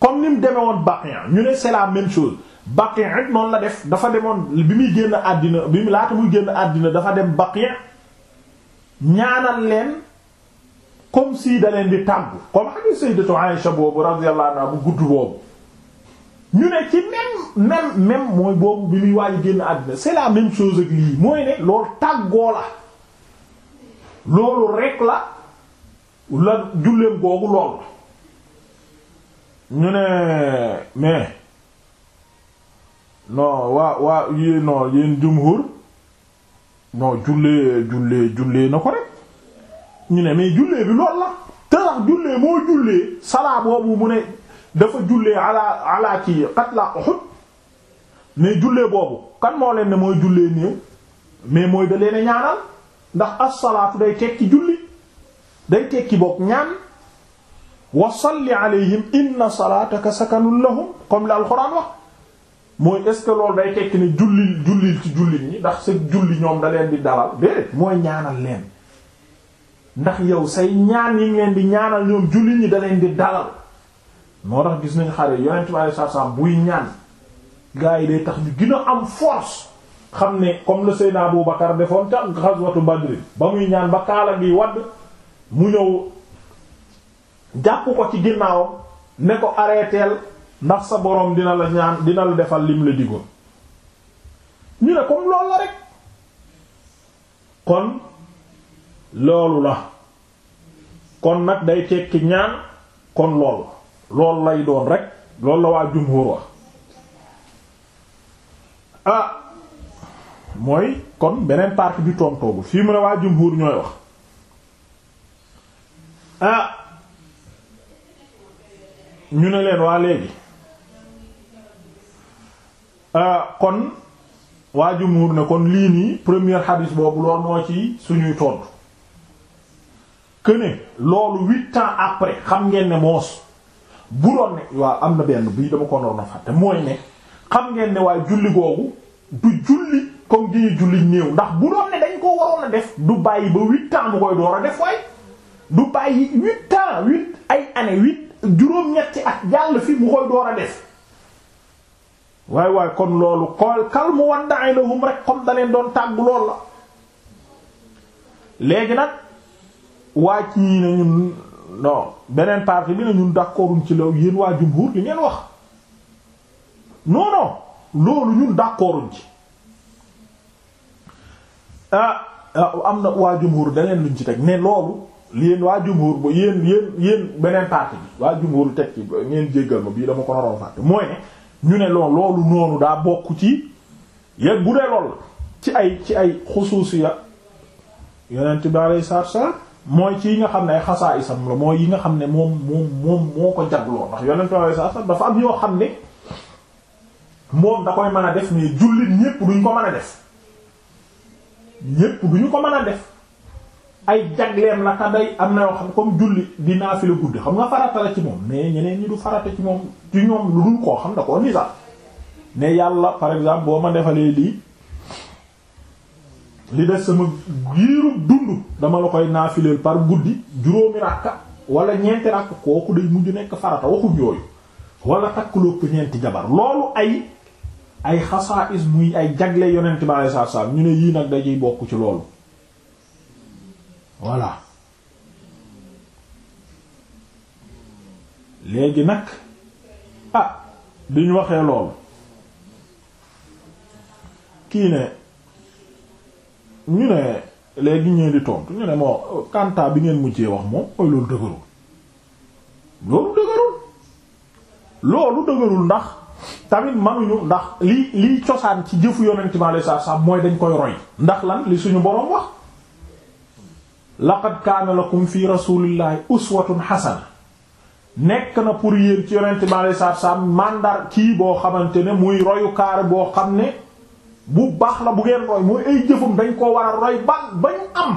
comme ni mu demee woon Baqiya ñu ne c'est la même chose Baqi' noonu la def dafa demoon bi muy génn àddina bi mu laata muy génn àddina dafa dem Baqi' ñaanal leen comme si da leen di tàggu comme hadith sayyidatu Aisha boobu radiyallahu anha bu gudd boobu ñu ne ci même même même mooy boobu bi muy waaj génn àddina c'est la même chose ak lii mooy ne loolu tàggoo la loolu rek la la julleem googu loolu ñu ne mais non waa waa yéen non yéen jumhur non jullee jullee jullee na ko rek ñu ne mais jullee bi lool la te sax jullee moo jullee salaa boobu mu ne dafa jullee ala ala kii qatla Uhud mais jullee boobu kan moo leen ne mooy jullee néew mais mooy da leen ñaanal ndax as-salaatu day tekki julli day tekki boog ñaan wa salli alayhim inna salataka sakanun lahum comme la alxuraan wax mooy est-ce day tekki ne jullil jullil ci jullit ñi ndax sa julli ñoom da leen di dalal déedéet mooy ñaanal leen ndax yow say ñaan yi ngeen leen di ñaanal ñoom jullit ñi da leen di dalal moo tax gis nañ xare yonent bi alayhi salaam buy ñaan gaa yi day tax ñu gën am force xam ne comme le Seydina Abu Bakar defoon ca ghazwatu Badr ba muy ñaan ba kaala gi wadd mu ñëw jàpp ko ci ginnaawam ne ko arrêteel ndax sa boroom dina la ñaan dina la defal lim la digoon ñu ne comme loolu la rek kon loolu la kon nag day tekki ñaan kon lool loolu lay doon rek loolu la waa jumhur wax ah mooy kon beneen partie bi tontoobu fii mu ne waa jumhur ñooy wax ah ñu ne leen waa léegi Euh, kon waa jumhur na kon lii nii première hadith boobu loolu moo ci suñuy tontu que ne loolu huit ans après xam ngeen ne moos bu doon ne waaw am na benn bii dama ko noonu fàtte mooy ne xam ngeen ne waaye julli googu du julli comme gi julli néew ndax bu doon ne dañ ko waroon a def du bàyyi ba huit ans mu koy a def waaye huit ay années huit juróom-ñetti at jàll fi mu koy door a def. waaye waay kon loolu xool kal mu wadda'ay lahum rek comme da leen doon tàggu lool la léegi nag waa ci ñii ne ñun non beneen partie bi ne ñun d'accorduñ ci law yéen waa jumhur li ngeen wax non non loolu ñun d'accorduñ ci ah, ah am na waa jumhur daneen luñ ci teg ne loolu yéen waa jumhur ba yéen yéen yéen beneen partie bi waa jumhur teg ci ngeen jéggal ma bii dama ko naroon fàtte mooy ne ñu ne lool loolu noonu daa bokk ci yéen bu dee lool ci ay ci ay xusuusiya yonent bi alayhi salaatu salaam mooy ci yi nga xam ne ay xasaa isam la mooy yi nga xam ne moom moom moom moo ko jagloo ndax yonent bi alayhi salaatu salaam dafa am yoo xam ne moom da koy mën a def mais jullit ñépp duñ ko mën a def ñépp duñu ko mën a def ay jagleem la te day am na yoo xam comme julli di naafila guddi xam nga farata la ci moom mais ñeneen ñi du farata ci moom ci ñoom lu dul koo xam da koo ni sax ne yàlla par exemple boo ma defalee lii sama giiru dund dama la koy naafileel par guddi juróomi ràkka wala ñeenti ràkka kooku day mujj nekk farata waxuñ yooyu wala takk lu ñeenti jabar loolu ay ay xasaa'is muy ay jagle yonent bi sallallahu alayhi wasallam ñu ne yii nag dañuy bokku ci loolu voilà léegi nag ah duñ waxee lool kii ne ñu ne léegi ñeen di tontu ñu ne moo kanta bi ngeen mujjee wax moom mooy loolu dëgërul loolu dëgërul loolu dëgërul ndax tamit manuñu ndax li liy cosaan ci jëfu yonent bi alayhi salaam mooy dañ koy roy ndax lan li suñu boroom wax laqad kaana lakum fi rasulillahi uswatun hasana nekk na pour yéen ci yonent bi alayhi salaatu salaam mandar kii boo xamante ne muy royu kaar boo xam ne bu baax la bu ngeen roy mooy ay jëfam dañ koo war a roy ba bañ am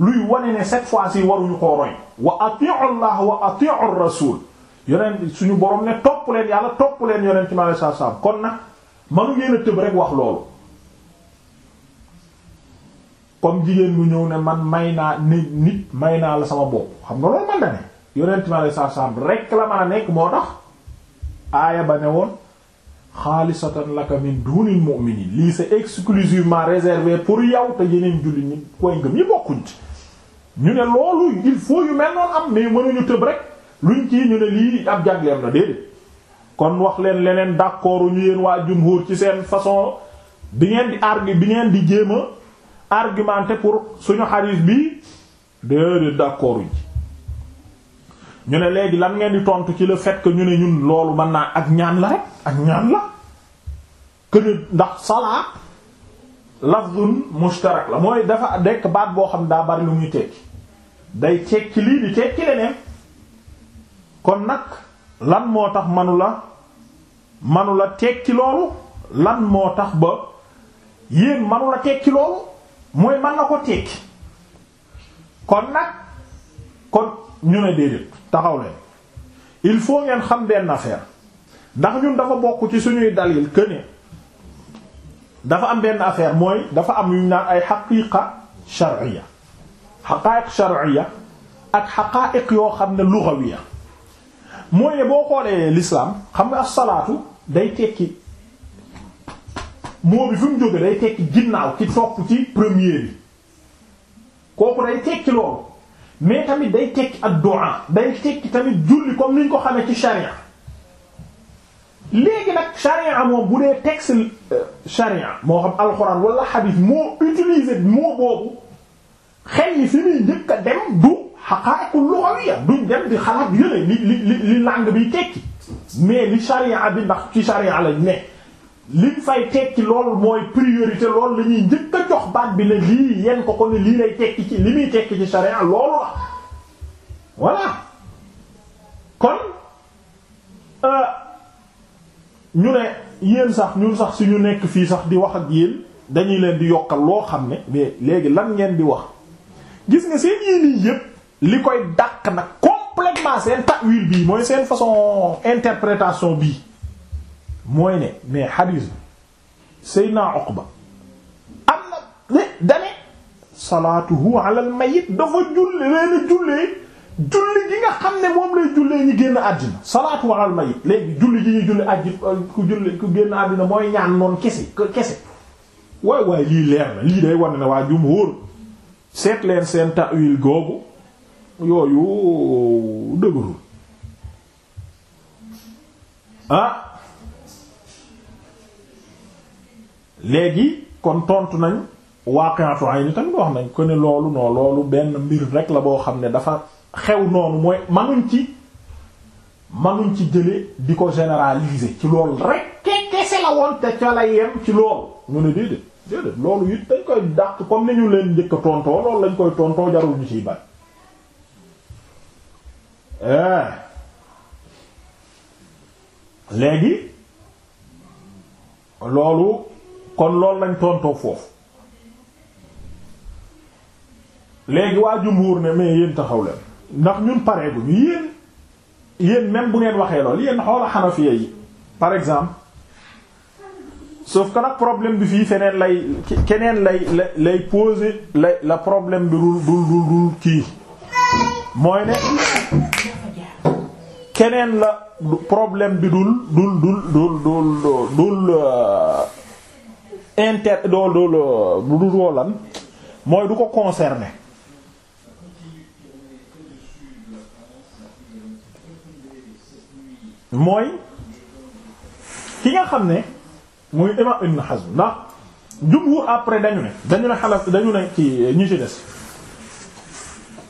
luy wane ne cette fois-ci waruñu koo roy wa atiu allah wa atiu rasul yonent suñu borom ne topp leen yàlla topp leen yonent bi alayhi salaatu kon na manu ngeen a tëb rek wax loolu comme jigéen mu ñëw ne man may naa nit may naa la sama bopp xam nga loolu man da ne yonent ma la saab saab rek la mën a nekk moo tax aaya ba ne woon xaalisatan laka min dunil mu'minin pour yow te yeneen ñu ne loolu il faut yu mel noonu am mais mënuñu tëb rek luñ ci ñu ne lii ab jagleem la déedéet kon wax leen leneen d'accord ñu yéen waa jumhur ci seen façon bi ngeen di argue bi ngeen di jéem argumenter pour suñu xaris bi déedéet d'accord ji ñu ne léegi lan ngeen di tontu ci la fekk ñu ne ñun loolu mën naa ak ñaan la rek ak ñaan la que ndax salaa lafzun mushtarak la mooy dafa dekk baat boo xam daa bari lu muy tekki day tekki lii di tekki leneen kon nag lan moo tax manu la manu la tekki loolu lan moo tax ba yéen manu la tekki loolu mooy mën na ko tekki kon nag kon ñu ne déedéet taxaw leen il faut ngeen xam benn affaire ndax ñun dafa bokk ci suñuy dalil que ne dafa am benn affaire mooy dafa am yu ñu naan ay xaqiiqa shar'iyya xaqaa'iq shar'iyya ak xaqaa'iq yoo xam ne ya mooy boo xoolee l'islam xam nga ak salaatu day tekki. moo bi fu mu jóge day tekki ginnaaw ci topp ci premier bi kooku day tekki loolu mais tamit day tekki ak du'a day tekki tamit julli comme niñ ko xamee ci sharia léegi nag sharia moom bu dee texte euh, sharia moo xam alxuraan wala hadith moo utiliser moo boobu xel yi fi muy njëkk a dem du haqa'iqul lughawiyya duñ dem di xalaat yële li li li langue biy tekki mais li sharia bi ndax ci sharia lañ ne. liñ fay tekki loolu mooy priorité loolu la ñuy njëkk a jox baat bi ne lii yenn ko ko ne lii lay tekki ci li muy tekki ci sharia loolu la voilà kon euh, ñu ne yéen sax ñun sax suñu nekk fii sax di wax ak yéen dañuy leen di yokkal loo xam ne mais léegi lan ngeen di wax gis nga seen yéen yi yépp li koy daq na complètement seen ta'wil bii mooy seen façon interprétation bii mooy ne mais xadiis Seydina Uqba am na ne dane salaatuhu ala al mayit dafa julle leena jullee julli gi nga xam ne moom lay jullee ñu génn àddina salaatuhu ala mayit léegi julli julli àjji ku julli ku génn àddina mooy ñaan noon kese kese waay waay lii leer na lii day wane ne waa jumhur seet leen seen ta'wil googu yooyu dëgërul ah, léegi kon tontu nañ waaqi'atu ayni tamit wax nañ ko ne loolu non loolu benn mbir rek la boo xam ne dafa xew noonu mooy manuñ ci manuñ ci jële di ko généraliser ci loolu rek kese la te ca la yem ci loolu ñu ne déedéet déedéet loolu it dañ koy dàq comme nañu leen njëkk tontoo loolu lañ koy tontoo jarul ñu ciy bari eh. léegi loolu kon loolu lañ tontoo foofu léegi waa jumhuur ne mais yéen taxaw leen ndax ñun paree bu ñu yéen yéen même bu ngeen waxee lool yéen xoola xanafiya yi par exemple sauf que nag problème bi fii feneen lay keneen lay lay poser lay la problème bi dul kii mooy la problème bi dul dul dul dul dul dul euh, inter doo doo du roolan mooy du ko concerner mooy ki nga xam ne muy imam Ibn Hazm ndax jumhur après dañu ne dañu ne xalaf dañu ne ci ñi ci des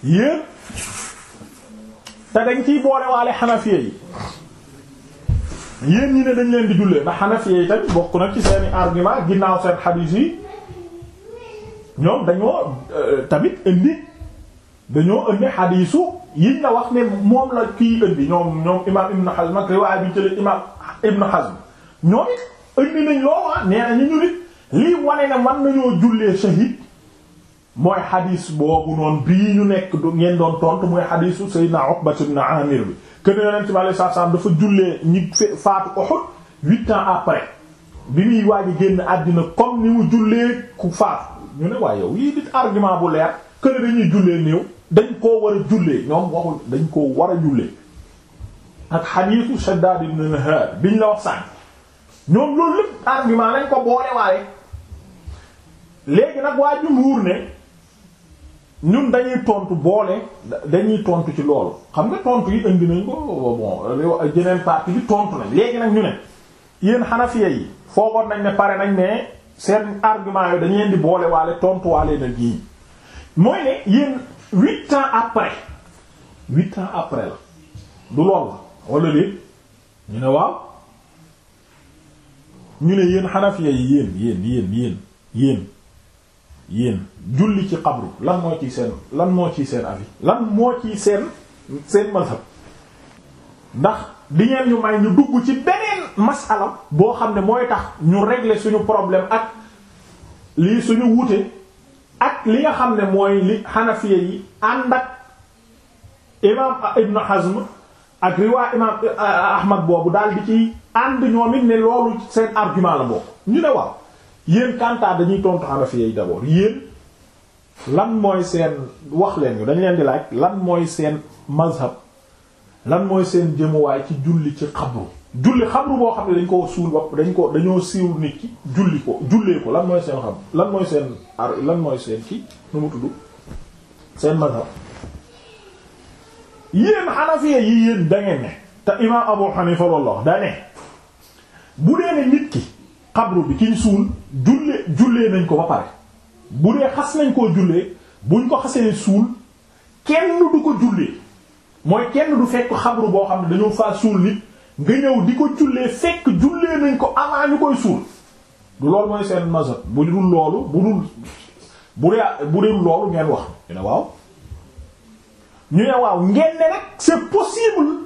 yéen te dañ ciy boolewaale xanafiya yi yéen ñi ne dañ leen di jullee ndax Hanafi yi tamit bokk na ci seeni argument ginnaaw seen xadiis yi ñoom dañoo euh, tamit indi dañoo indi xadiisu yiñ la wax ne moom la kii indi ñoom ñoom imaam Ibn Hazm ak riwaaya bi jëlee imaam Ibn Hazm ñoom it indi nañ loola ah, nee na ñu ñu nit lii wane na man nañoo jullee shahid mooy xadiis boobu noonu bii ñu nekk du ngeen doon tontu mooy xadiisu Sayyidina Uqba ibn Amir bi kër yonent bi alayhi salaam dafa jullee ñi faatu Uhud huit ans après bi ñuy waaj génn àddina comme ni mu jullee ku faatu ñu ne waaye yow yii dit argument bu leer kër dañuy jullee néew dañ koo war a jullee ñoom waxul dañ koo war a jullee ak xadiisu Shaddaad ibn Nahaar biñ la wax sànq ñoom loolu lépp argument lañ ko boole waaye léegi nag waa jumhuur ne. ñun dañuy tontu boole dañuy tontu ci loolu xam nga tontu yi indi nañ ko bon jeneen partie bi tontu nañ léegi nag ñu ne yéen Hanafiya yi foogoon nañ ne pare nañ ne seen argument yooyu dañu leen di boole waale tontu waale na gii mooy ne yéen huit ans après huit ans après la du lool la wala léegi ñu ne waaw ñu ne yéen Hanafiya yi yéen yéen yéen yéen yéen julli ci xabru lan moo ci seen lan moo ci seen avis lan moo ci seen seen mazhab ndax di ngeen ñu may ñu dugg ci beneen masala boo xam ne mooy tax ñu régler suñu problème ak lii suñu wute ak li nga xam ne mooy li xanafiya yi ànd ak imam Ibn Hazm ak riwaa imam eh, Ahmad boobu daal di ci ànd ñoom it ne loolu seen argument la boobu ñu ne waaw yéen kantaa dañuy tontu Hanafi yi d'abord yéen lan mooy seen wax leen ñu dañ leen di laaj lan mooy seen mazhab lan mooy seen jëmuwaay ci julli ci xabru julli xabru boo xam ne dañ ko suul bopp dañ koo dañoo siiw nit ki julli ko jullee ko lan mooy seen xam lan mooy seen ar lan mooy seen ki nu mu tudd seen mazhab yéen Hanafi yi yéen da ne te imaam Abu Hanifa loolu daa bu dee ne nit ki xabru bi kiñ suul jullee jullee nañ ko ba pare bu dee xas nañ koo jullee buñ ko xasee suul kenn du ko jullee mooy kenn du fekk xabru boo xam ne dañoo faa suul nit nga ñëw di ko jullee fekk jullee nañ ko avant ñu koy suul du loolu mooy seen mazhab bu dul loolu bu dul bu dee bu dul loolu ngeen wax ñu ne waaw ñu ne waaw ngeen ne nag c'est possible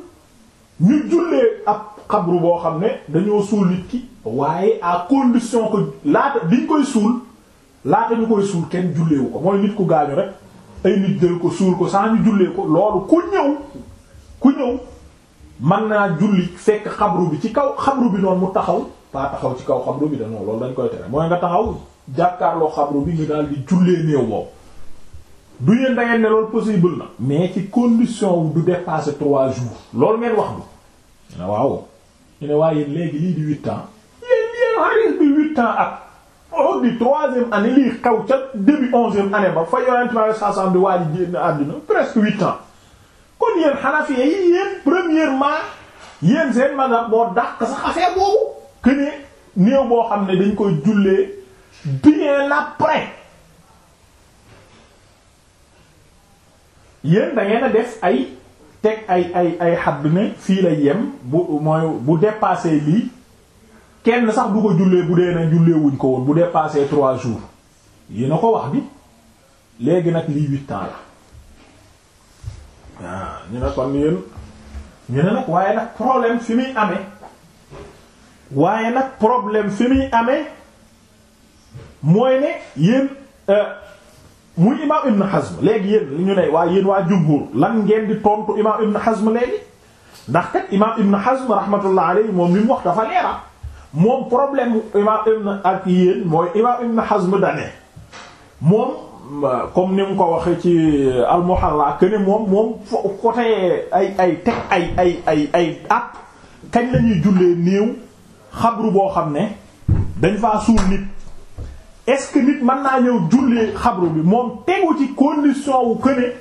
ñu jullee ab xabru boo xam ne dañoo suul nit ki waaye à condition que laata biñ koy suul laata ñu koy suul kenn julleewu ko mooy nit ku gaañu rek ay nit jël ko suul ko sans ñu jullee ko loolu ku ñëw ku ñëw mën naa julli fekk xabru bi ci kaw xabru bi noonu mu taxaw pas taxaw ci kaw xabru bi da loolu dañ koy tere mooy nga taxaw jàkkaarloo xabru bi nga daal di jullee néew boobu du yéen da ngeen possible na mais ci condition du dépasser trois jours loolu ngeen wax du ne waaw ñu waaye léegi lii di Mu'awiz bi huit ans ak Uhud di troisième année lii xew ca début onzième année ba fa Yonent bi saa saa am di waaj a génn àdduna presque huit ans kon yéen Hanafi yi yéen premièrement yéen seen mazhab boo dàq sax affaire boobu que néew boo xam ne dañ koy jullee bien après yéen da ngeen def ay teg ay ay ay xadd ne fii lay yem bu mooy bu dépassé lii. kenn sax du ko jullee bu dee na jullee wuñ ko woon bu dee dépassé trois jours yi na ko wax bi léegi nag lii huit ans la ah, ñu ne kon yéen ñu ne nag waaye nag problème fi muy amee waaye nag problème fi muy amee mooy ne yéen euh, muy imaam Ibn Hazm léegi yéen ñu ne waa yéen waa jumhur lan ngeen di tontu imaam Ibn Hazm léegi ndax kat imaam Ibn Hazm rahmatullah alayhi moom li mu wax dafa leera moom problème imam ibn ak yéen mooy imam ibn Hazm dane moom comme ni mu ko waxee ci al-Muhalla que ne moom moom côté ay ay teg ay ay ay ay àpp kañ la jullee néew xabru boo xam ne dañ faa suul nit est-ce que nit mën naa ñëw jullee xabru bi moom tegu ci condition wu que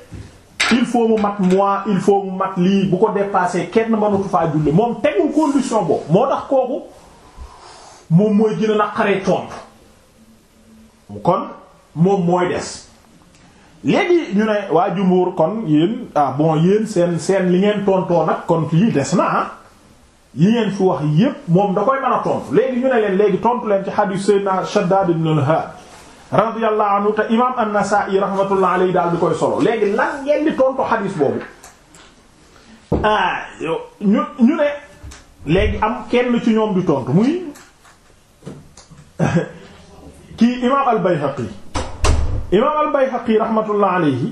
il faut mu mat mois il faut mu mat lii bu ko dépasser kenn mënatu faa jullee moom tegu condition boobu moo tax kooku moom mooy gën a naqaree tontu kon moom mooy des léegi ñu ne waa jumhur kon yéen ah bon yéen seen seen li ngeen tontoo nag kon fii des na ah yi ngeen fi wax yépp moom da koy mën a tontu léegi ñu ne leen léegi tontu leen ci hadith sayyidina Shaddad ibn al-Had radiyallahu anhu te imaam an-Nasa'i rahmatullah alayhi daal di koy solo léegi lan ngeen di tontu hadith boobu ah ñu ñu ne léegi am kenn ci ñoom di tontu muy kii imaam al-Bayhaqi imaam al-Bayhaqi rahmatullah alayhi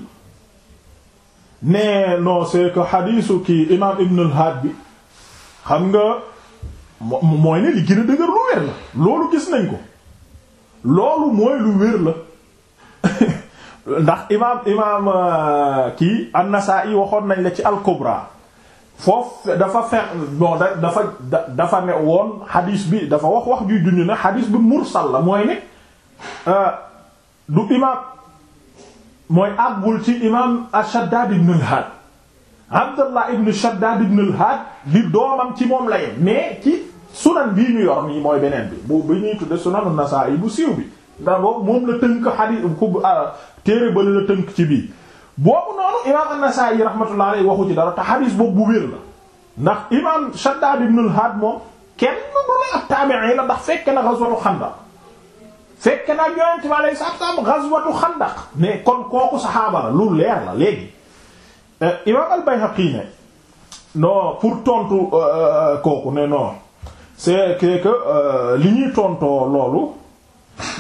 ne non c'est que xadiisu kii imaam Ibn al bi xam nga mooy ne li gën a dëgër lu wér la loolu gis nañ ko loolu mooy lu wér la ndax imaam imaam euh, kii an-Nasa'i waxoon nañ la ci al-Kubra foofu dafa fe bon dafa dafa ne woon xadiis bi dafa wax wax ji du junj na xadiis bi mursal la mooy ne euh, du imaam mooy àggul ci imaam Shaddad ibn al-Had Abdallah ibn Shaddad ibn al-Had di doomam ci moom la yem ci sunan bii ñu yor nii mooy beneen bi bu bi ñuy tudde sunanu Nasa'i bu siiw bi ndax boobu moom la tënk xadiis euh, téere ba la tënk ci bii boobu noonu imaam an-Nasaa'i rahmatullahi alayhi waxu dara te xadiis boobu bu wér ndax imaam Shaddaad ibn al-Haad moom kenn du la ak taabi'i la ndax fekk na ghazwatu Xandaq fekk na Yonent bi alayhi salaatu wa salaam Xandaq mais kon kooku saxaaba lu leer la léegi euh, imaam al-Bayhaqi ne non pour tontu euh, euh, kooku ne non c'est que li ñuy tontoo loolu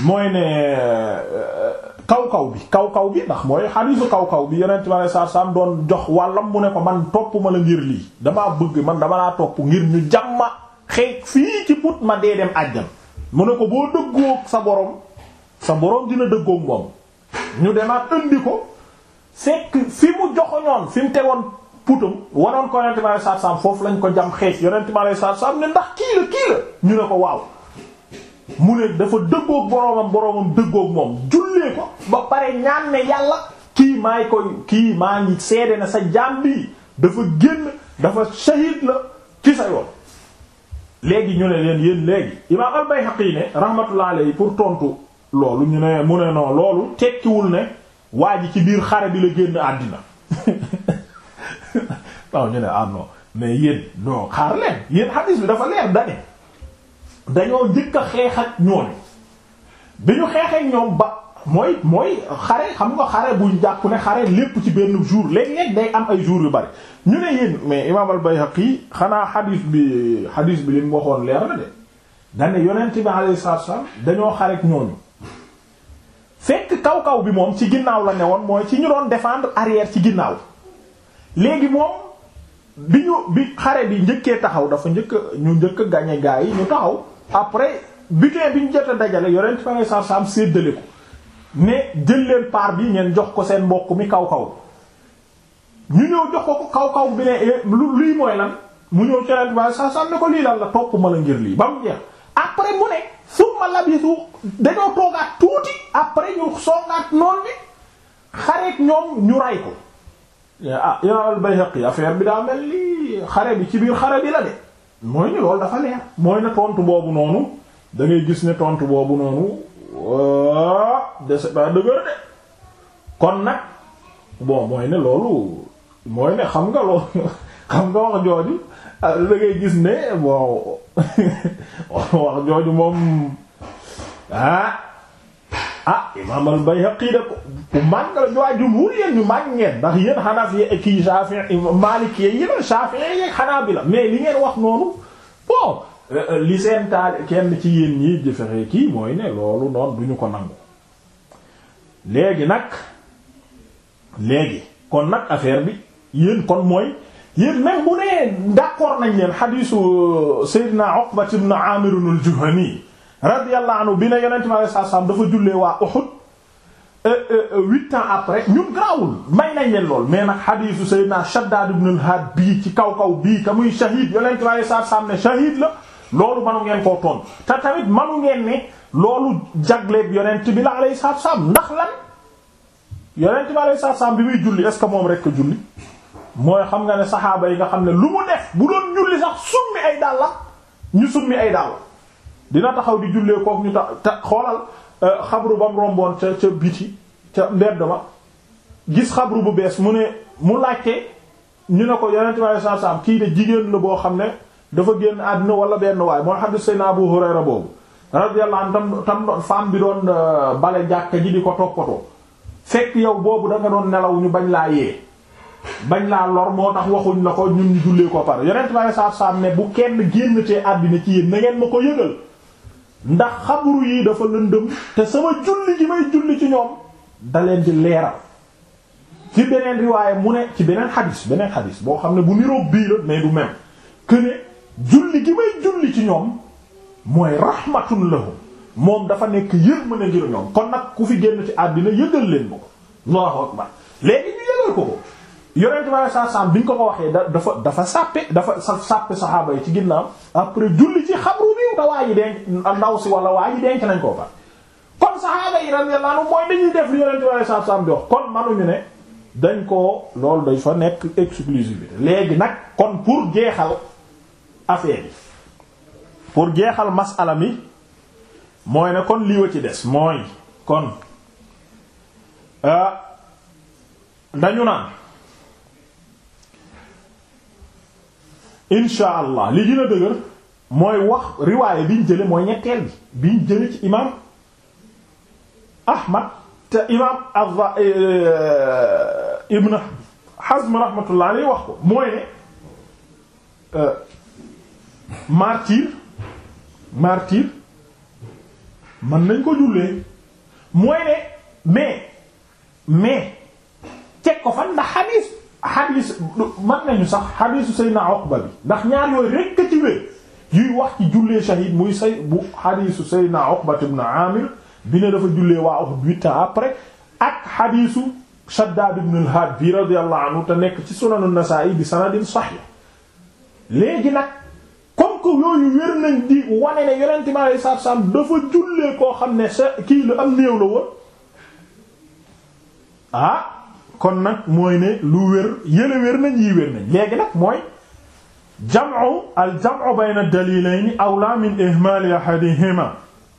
mooy ne kaw-kaw bi kaw-kaw bi ndax mooy xadiisu kaw-kaw bi yonent bi alei satu salaam doon jox wàllam mu ne ko man topp ma la ngir lii damaa bëgg man dama laa topp ngir ñu ma xeej fii ci put ma dee dem àjjan mu ne ko boo dëggoo sa borom sa borom dina dëggoo moom ñu demaat indi ko fekk fi mu joxoñoon fi mu tegoon putam wanoon ko yonent bi alei satu salaam foofu lañ ko jam xeej yonent bi alei satu salaam ne ndax kii la ñu ne ko waaw mu ne dafa dëggoog boroomam boroomam dëggoog moom jullee ko ba pare ñaan ne yàlla kii maay koy kii maa ngi seede na sa jaam bii dafa génn dafa shahid la ci sa yoon léegi ñu ne leen yéen léegi imaam al-Bayhaqi ne rahmatullah alayhi pour tontu loolu ñu ne mu ne non loolu tekkiwul ne waa ji ci biir xare bi la génn àddina waaw ñu ne ah non mais yéen non xaar leen yéen hadis bi dafa leer dane dañoo njëkk a xeex ak ñooñu bi ñu xeexee ñoom ba mooy mooy xare xam nga xare buñ jàpp ne xare lépp ci benn jour léeg-léeg day am ay jour yu bari ñu ne yéen mais imaam al-Bayhaqi xanaa xadiis bi xadiis bi li mu waxoon leer na de dane yonent bi alayhi salaatu wasallam dañoo xare ak ñooñu fekk kaw kaw bi moom ci ginnaaw la ne woon mooy ci ñu doon défendre arrière ci ginnaaw léegi moom bi ñu bi xare bi njëkkee taxaw dafa njëkk ñu njëkk gañe yi ñu taxaw après butin bi ñu jot a dajale yonent fa ngay sarsam séddale ko ne jël leen part bii ngeen jox ko seen mbokk mi kaw kaw ñu ñëw jox ko ko kaw kaw bi ne eh, lii mooy lan mu ñëw ci yonent fa sarsam ne ko lii lan la topp ma la ngir lii ba mu jeex après mu ne summa labisu dañoo toogaat tuuti après ñu songaat noon bi xareet ñoom ñu ray ko eh, ah imam al Bayhaqi affaire bi daa mel lii xare bi ci biir xare bi la de mooy ni loolu dafa leer mooy ne tontu boobu noonu da ngay gis ne tontu boobu noonu dese ba dëgër de kon nag bon mooy ne loolu mooy ne xam nga loolu xam nga wax jooju ah, da ngay gis ne bon wax jooju moom ah ah imaam al-Bayhaqi da ko bu màgg la ñu waa jumhuur yéen ñu màgg ngeen ndax yéen Hanafi ak kii Shafi'i Maliki yéen Shafi'i ak Hanabila mais li ngeen wax noonu bon euh, euh, li taal kenn ci yéen ñii jëfexe kii mooy ne loolu noonu duñu ko nangu léegi nag léegi kon nag affaire bi yéen kon mooy yéen même bu nee d'accord nañ leen hadiisu euh, Seydina Uqba ibn Aamir al-Juhani radiyallahu anhu bi ne yonent mi alayhi salaam dafa jullee waa Uhud euh, euh, euh, huit ans après ñun garaawul may nañ leen lool mais nag xadiisu Seydina Shaddaad ibn al-Haad bii ci kaw kaw bii ka muy shahid yonent mi alayhi salaam ne shahid la loolu manu ngeen koo toon te tamit manu ngeen ne loolu jagleeb yonent bi la alayhi salaam ndax lan yonent bi alayhi salaam bi muy julli est-ce que moom rekk julli mooy xam nga ne saxaaba yi nga xam ne lu mu def bu doon julli sax summi ay dàlla ñu summi ay dina taxaw di jullee kook ñu ta ta xoolal euh, xabru ba mu romboon ca ca biti ca mbedd ma gis xabru bu bees mu ne mu laajte ñu ne ko yonent bi saa kii de jigéen la boo xam ne dafa génn àddina wala benn waay moo xam ne Seydina Abu Hurayra boobu radiyallahu anhu tam bi doon euh, bale jàkka ji di ko toppatoo fekk yow boobu da nga doon nelaw ñu bañ laa yee bañ laa lor moo tax waxuñ la ko ñun jullee ko pare yonent bi saa bu kenn génn te àddina ci yéen na ma ko yëgal. ndax xabru yi dafa lëndëm te sama julli ji may julli ci ñoom da leen di leeral ci beneen riwaaye mu ne ci beneen xadis beneen xadis boo xam ne bu niroog bii la mais du même que ne julli gi may julli ci ñoom mooy la lahum moom dafa nekk yërmande ngir ñoom kon nag ku fi génn ci àddina yëgal leen ma ko Allahu akbar léegi ñu yëgal ko ko yonent bi saa saam bi ñu ko ko waxee dafa dafa sàppe dafa sàppe saxaaba yi ci ginnaaw après julli ci xabru bi te waa denc ndaw si wala waa ji denc nañ koo ba kon saxaaba yi radiyallahu mooy dañuy def li yonent bi saa saam di wax kon manuñu ne dañ koo loolu dañ fa nekk exclusivité léegi nag kon pour jeexal affaire yi pour jeexal masala mi mooy ne kon lii ci des mooy kon euh, dañu naan insha allah li gën a dëgër mooy wax riwaayé biñ jële mooy ñetteel bi biñ jële ci imam ahmad te imam aa euh, ibn hazm rahmatullah alayhi wax ko mooy ne euh, martyr martyr mën nañ ko jullee mooy ne mais mais teg ko fan ndax xadiis xadiis mën nañu sax xadiisu Seydina Uqba ndax ñaar yooyu rekk ci wér yuy wax ci jullee muy say bu xadiisu Seydina Uqba ibn Amir bi ne dafa jullee waa Uhud huit ans après ak xadiisu Shaddaad ibn al-Had bi radiyallahu nekk ci Sunan an-Nasa'i bi sanadin sahih léegi nag comme que yooyu wér nañ di wane ne Yonent bi alayhi dafa jullee koo xam ne sa kii la am néew ah kon nag mooy ne lu wér yële wér nañ yi wér nañ léegi nag mooy jam'u al jam'u bayna dalilayni awla min ihmal ahadihima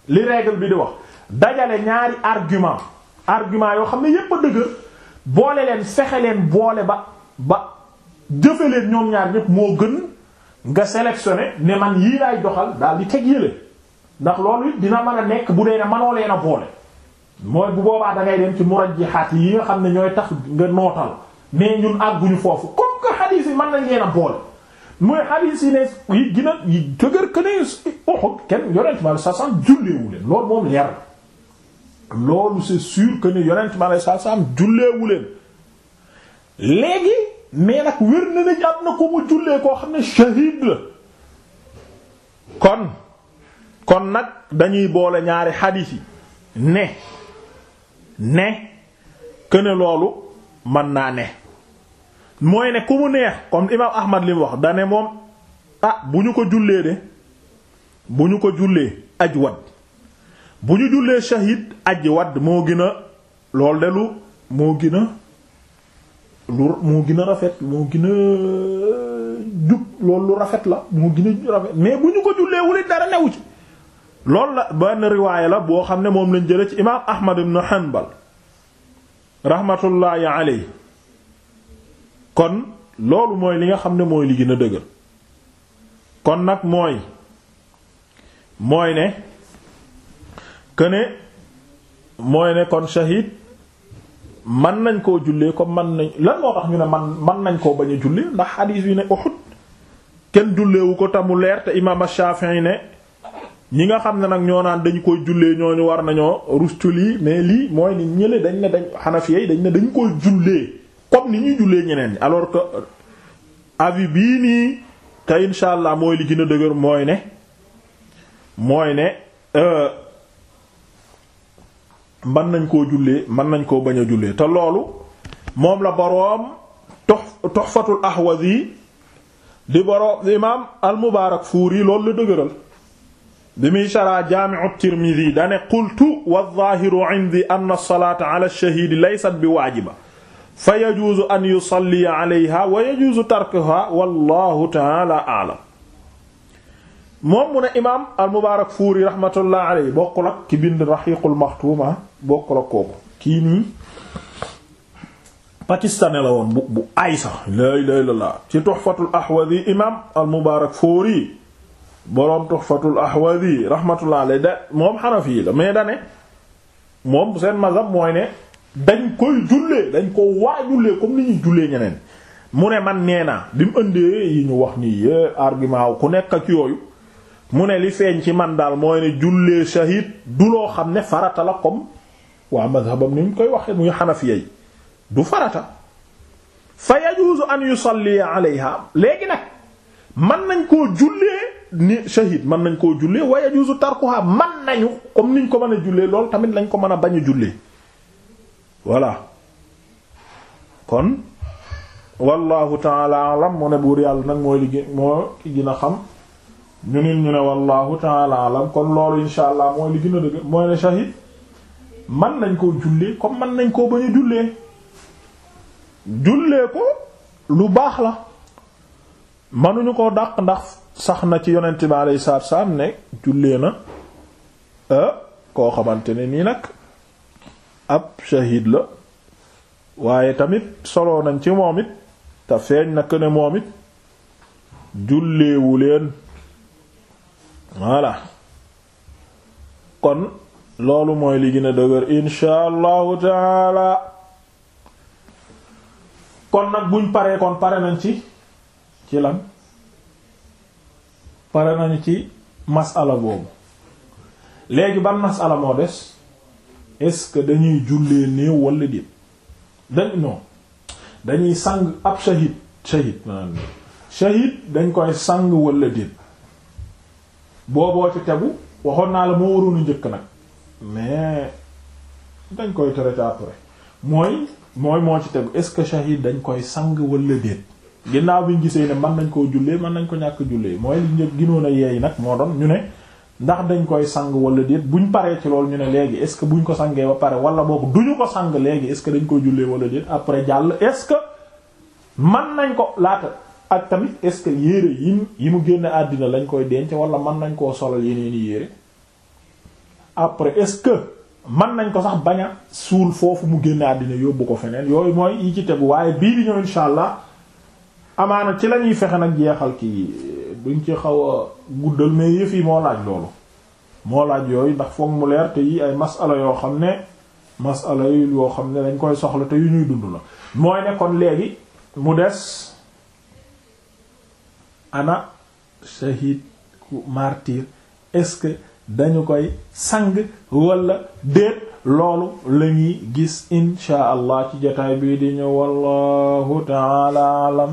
li règle bi di wax dajale ñaari argument argument yoo xam ne yépp a dëgër boole leen fexe leen boole ba ba jëfe leen ñoom ñaar ñépp moo gën nga sélectionné ne man yii laay doxal daal di teg yële ndax loolu it dina mën a nekk bu dee ne manoo leen a boole mooy bu boobaa dangay ngay dem ci murajjihaat yi nga xam ne ñooy tax nga nootal mais ñun àgguñu foofu comme que xadiis yi a boole mooy ne yi gën a yi dëgër que ne Uhud ma la sasam julleewu leen loolu moom leer na loolu c'est sûr que ne yonent léegi mais na nañ am na ko mu jullee koo xam ne shahid la kon kon nag dañuy boole ñaari xadiis yi ne ne que ne loolu mën naa ne mooy ne ku mu neex comme imaam Ahmad li mu wax da moom ah bu ñu ko jullee de bu ñu ko jullee ajwad bu ñu jullee shahid wadd moo gën a loolu de lu moo gën a lu moo gën a rafet moo gën a jub loolu lu rafet la moo gën a rafet mais bu ñu ko jullee wulit dara newu ci loolu la benn riwaaya la boo xam ne moom lañ jële ci imaam ahmad ibn hanbal rahmatullaahi alayhi kon loolu mooy li nga xam ne mooy li gën dëgër kon nag mooy mooy ne këne mooy ne kon shahid man nañ koo jullee ko man nañ lan moo tax ñu ne man man nañ koo bañ a jullee ndax xadiis yi ne Uhud kenn julleewu ko tamu leer te imaam Shaafi'i ne ñi nga xam ne nag ñoo naan dañu koy jullee ñooñu war nañoo rustu lii mais lii mooy ni ñële dañ ne dañ xanafiye dañ ne dañ koy jullee comme ni ñuy jullee ñeneen ñi alors que avis bii nii te insha allah mooy li gën a dëgër mooy ne mooy ne euh, mën nañ koo jullee mën nañ koo bañ a jullee te loolu moom la boroom tox toxfatul ahwazi di boroom imaam al mubaarak fuur yi loolu la dëgëral bi muy sharaa jaami'u Tirmidhi dane qultu wadh-dhaahiru 'indi anna as-salaata 'ala ash-shahiid laysat bi waajiba fa yajuuzu an yusalliya 'alayha wa yajuuzu tarkuha wallahu ta'ala a'lam moom mu ne imaam al-Mubaarak Fuuri rahmatullah alayhi bokkul ak ki bind Rahiiqul Maxtuum ah, bokkul ak kooku kii nii pakistanais la woon bu bu ay sax la ilaha illallah ci Tuhfatul Ahwazi imaam al-Mubaarak Fuuri boroom Tuhfatul Ahwadi rahmatullah alayhi da moom Hanafi la mais da ne moom seen mazhab mooy ne dañ koy jullee dañ ko waa jullee comme ni ñuy jullee ñeneen mu ne man nee naa bi mu ëndee yi ñu wax nii yé argument ku nekk ak yooyu mu ne li feeñ ci man daal mooy ne jullee shahid du loo xam ne farata la comme waa mazhabam ni ñu koy waxee muy Hanafiya yi du farata fa yajuzu an yusalli alayha léegi nag man nañ koo jullee ni shahid man nañ koo jullee waaye juzu tarkuha man nañu comme niñ ko mën a jullee lool tamit lañ ko mën a bañ a jullee voilà kon wallahu taala alam mu ne buur yàlla nag mooy liggéey moo ki gën xam ñu nit ñu ne wallahu taala alam kon loolu insha allah mooy dëgg mooy ne shahid man nañ koo jullee comme man nañ koo bañ a jullee jullee ko lu baax la manuñu ko dàq ndax sax na ci yonent bi alayhi salaatu salaam ne jullee na ah, koo xamante ne nii nag ab shahid la waaye tamit soloo nañ ci moom it te feeñ na ne moom it julleewu leen voilà kon loolu mooy li gën a dëgër insha allahu taala kon nag buñ paree kon pare nañ ci ci lan pare nañu ci masala boobu léegi ban masala moo des est-ce que dañuy jullee néew wala déet dañ non dañuy sang ab shahid shahid maanaam dañ koy sang wala déet booboo ci tegu waxoon naa la moo waroon a njëkk nag mais dañ koy traité après mooy mooy moo ci tegu est-ce que shahid dañ koy sang wala déet ginnaaw bi ñu gisee ne mën nañ koo jullee man nañ ko ñàkk jullee mooy li ñu ginoon yeey nag moo doon ñu ne ndax dañ koy sang wala déet buñ paree ci loolu ñu ne léegi est-ce que buñ ko sangee ba pare wala boog duñu ko sang léegi est-ce que dañ koy jullee wala déet après jàll est que mën nañ ko laata ak tamit est-ce que yére yi yi mu génn àddina lañ koy denc wala mën nañ koo solal yeneen i yére après est-ce que mën nañ ko sax bañ a suul foofu mu génn àddina yóbbu ko feneen yooyu mooy yi ci tegu waaye bii di ñëw insha allah amaana ci lañuy fexe nag jeexal kii duñ ci xaw a guddal mais yëf yi moo laaj loolu moo laaj yooyu ndax foog mu leer te yi ay masala yoo xam ne masala yi yoo xam ne dañ koy soxla te yu ñuy dund la mooy nekkoon kon léegi mu des ana shahid ku martyr est-ce que dañu koy sang wala déet loolu lañuy gis insha allah ci jotaay bii di ñëw wallahu ta'ala alam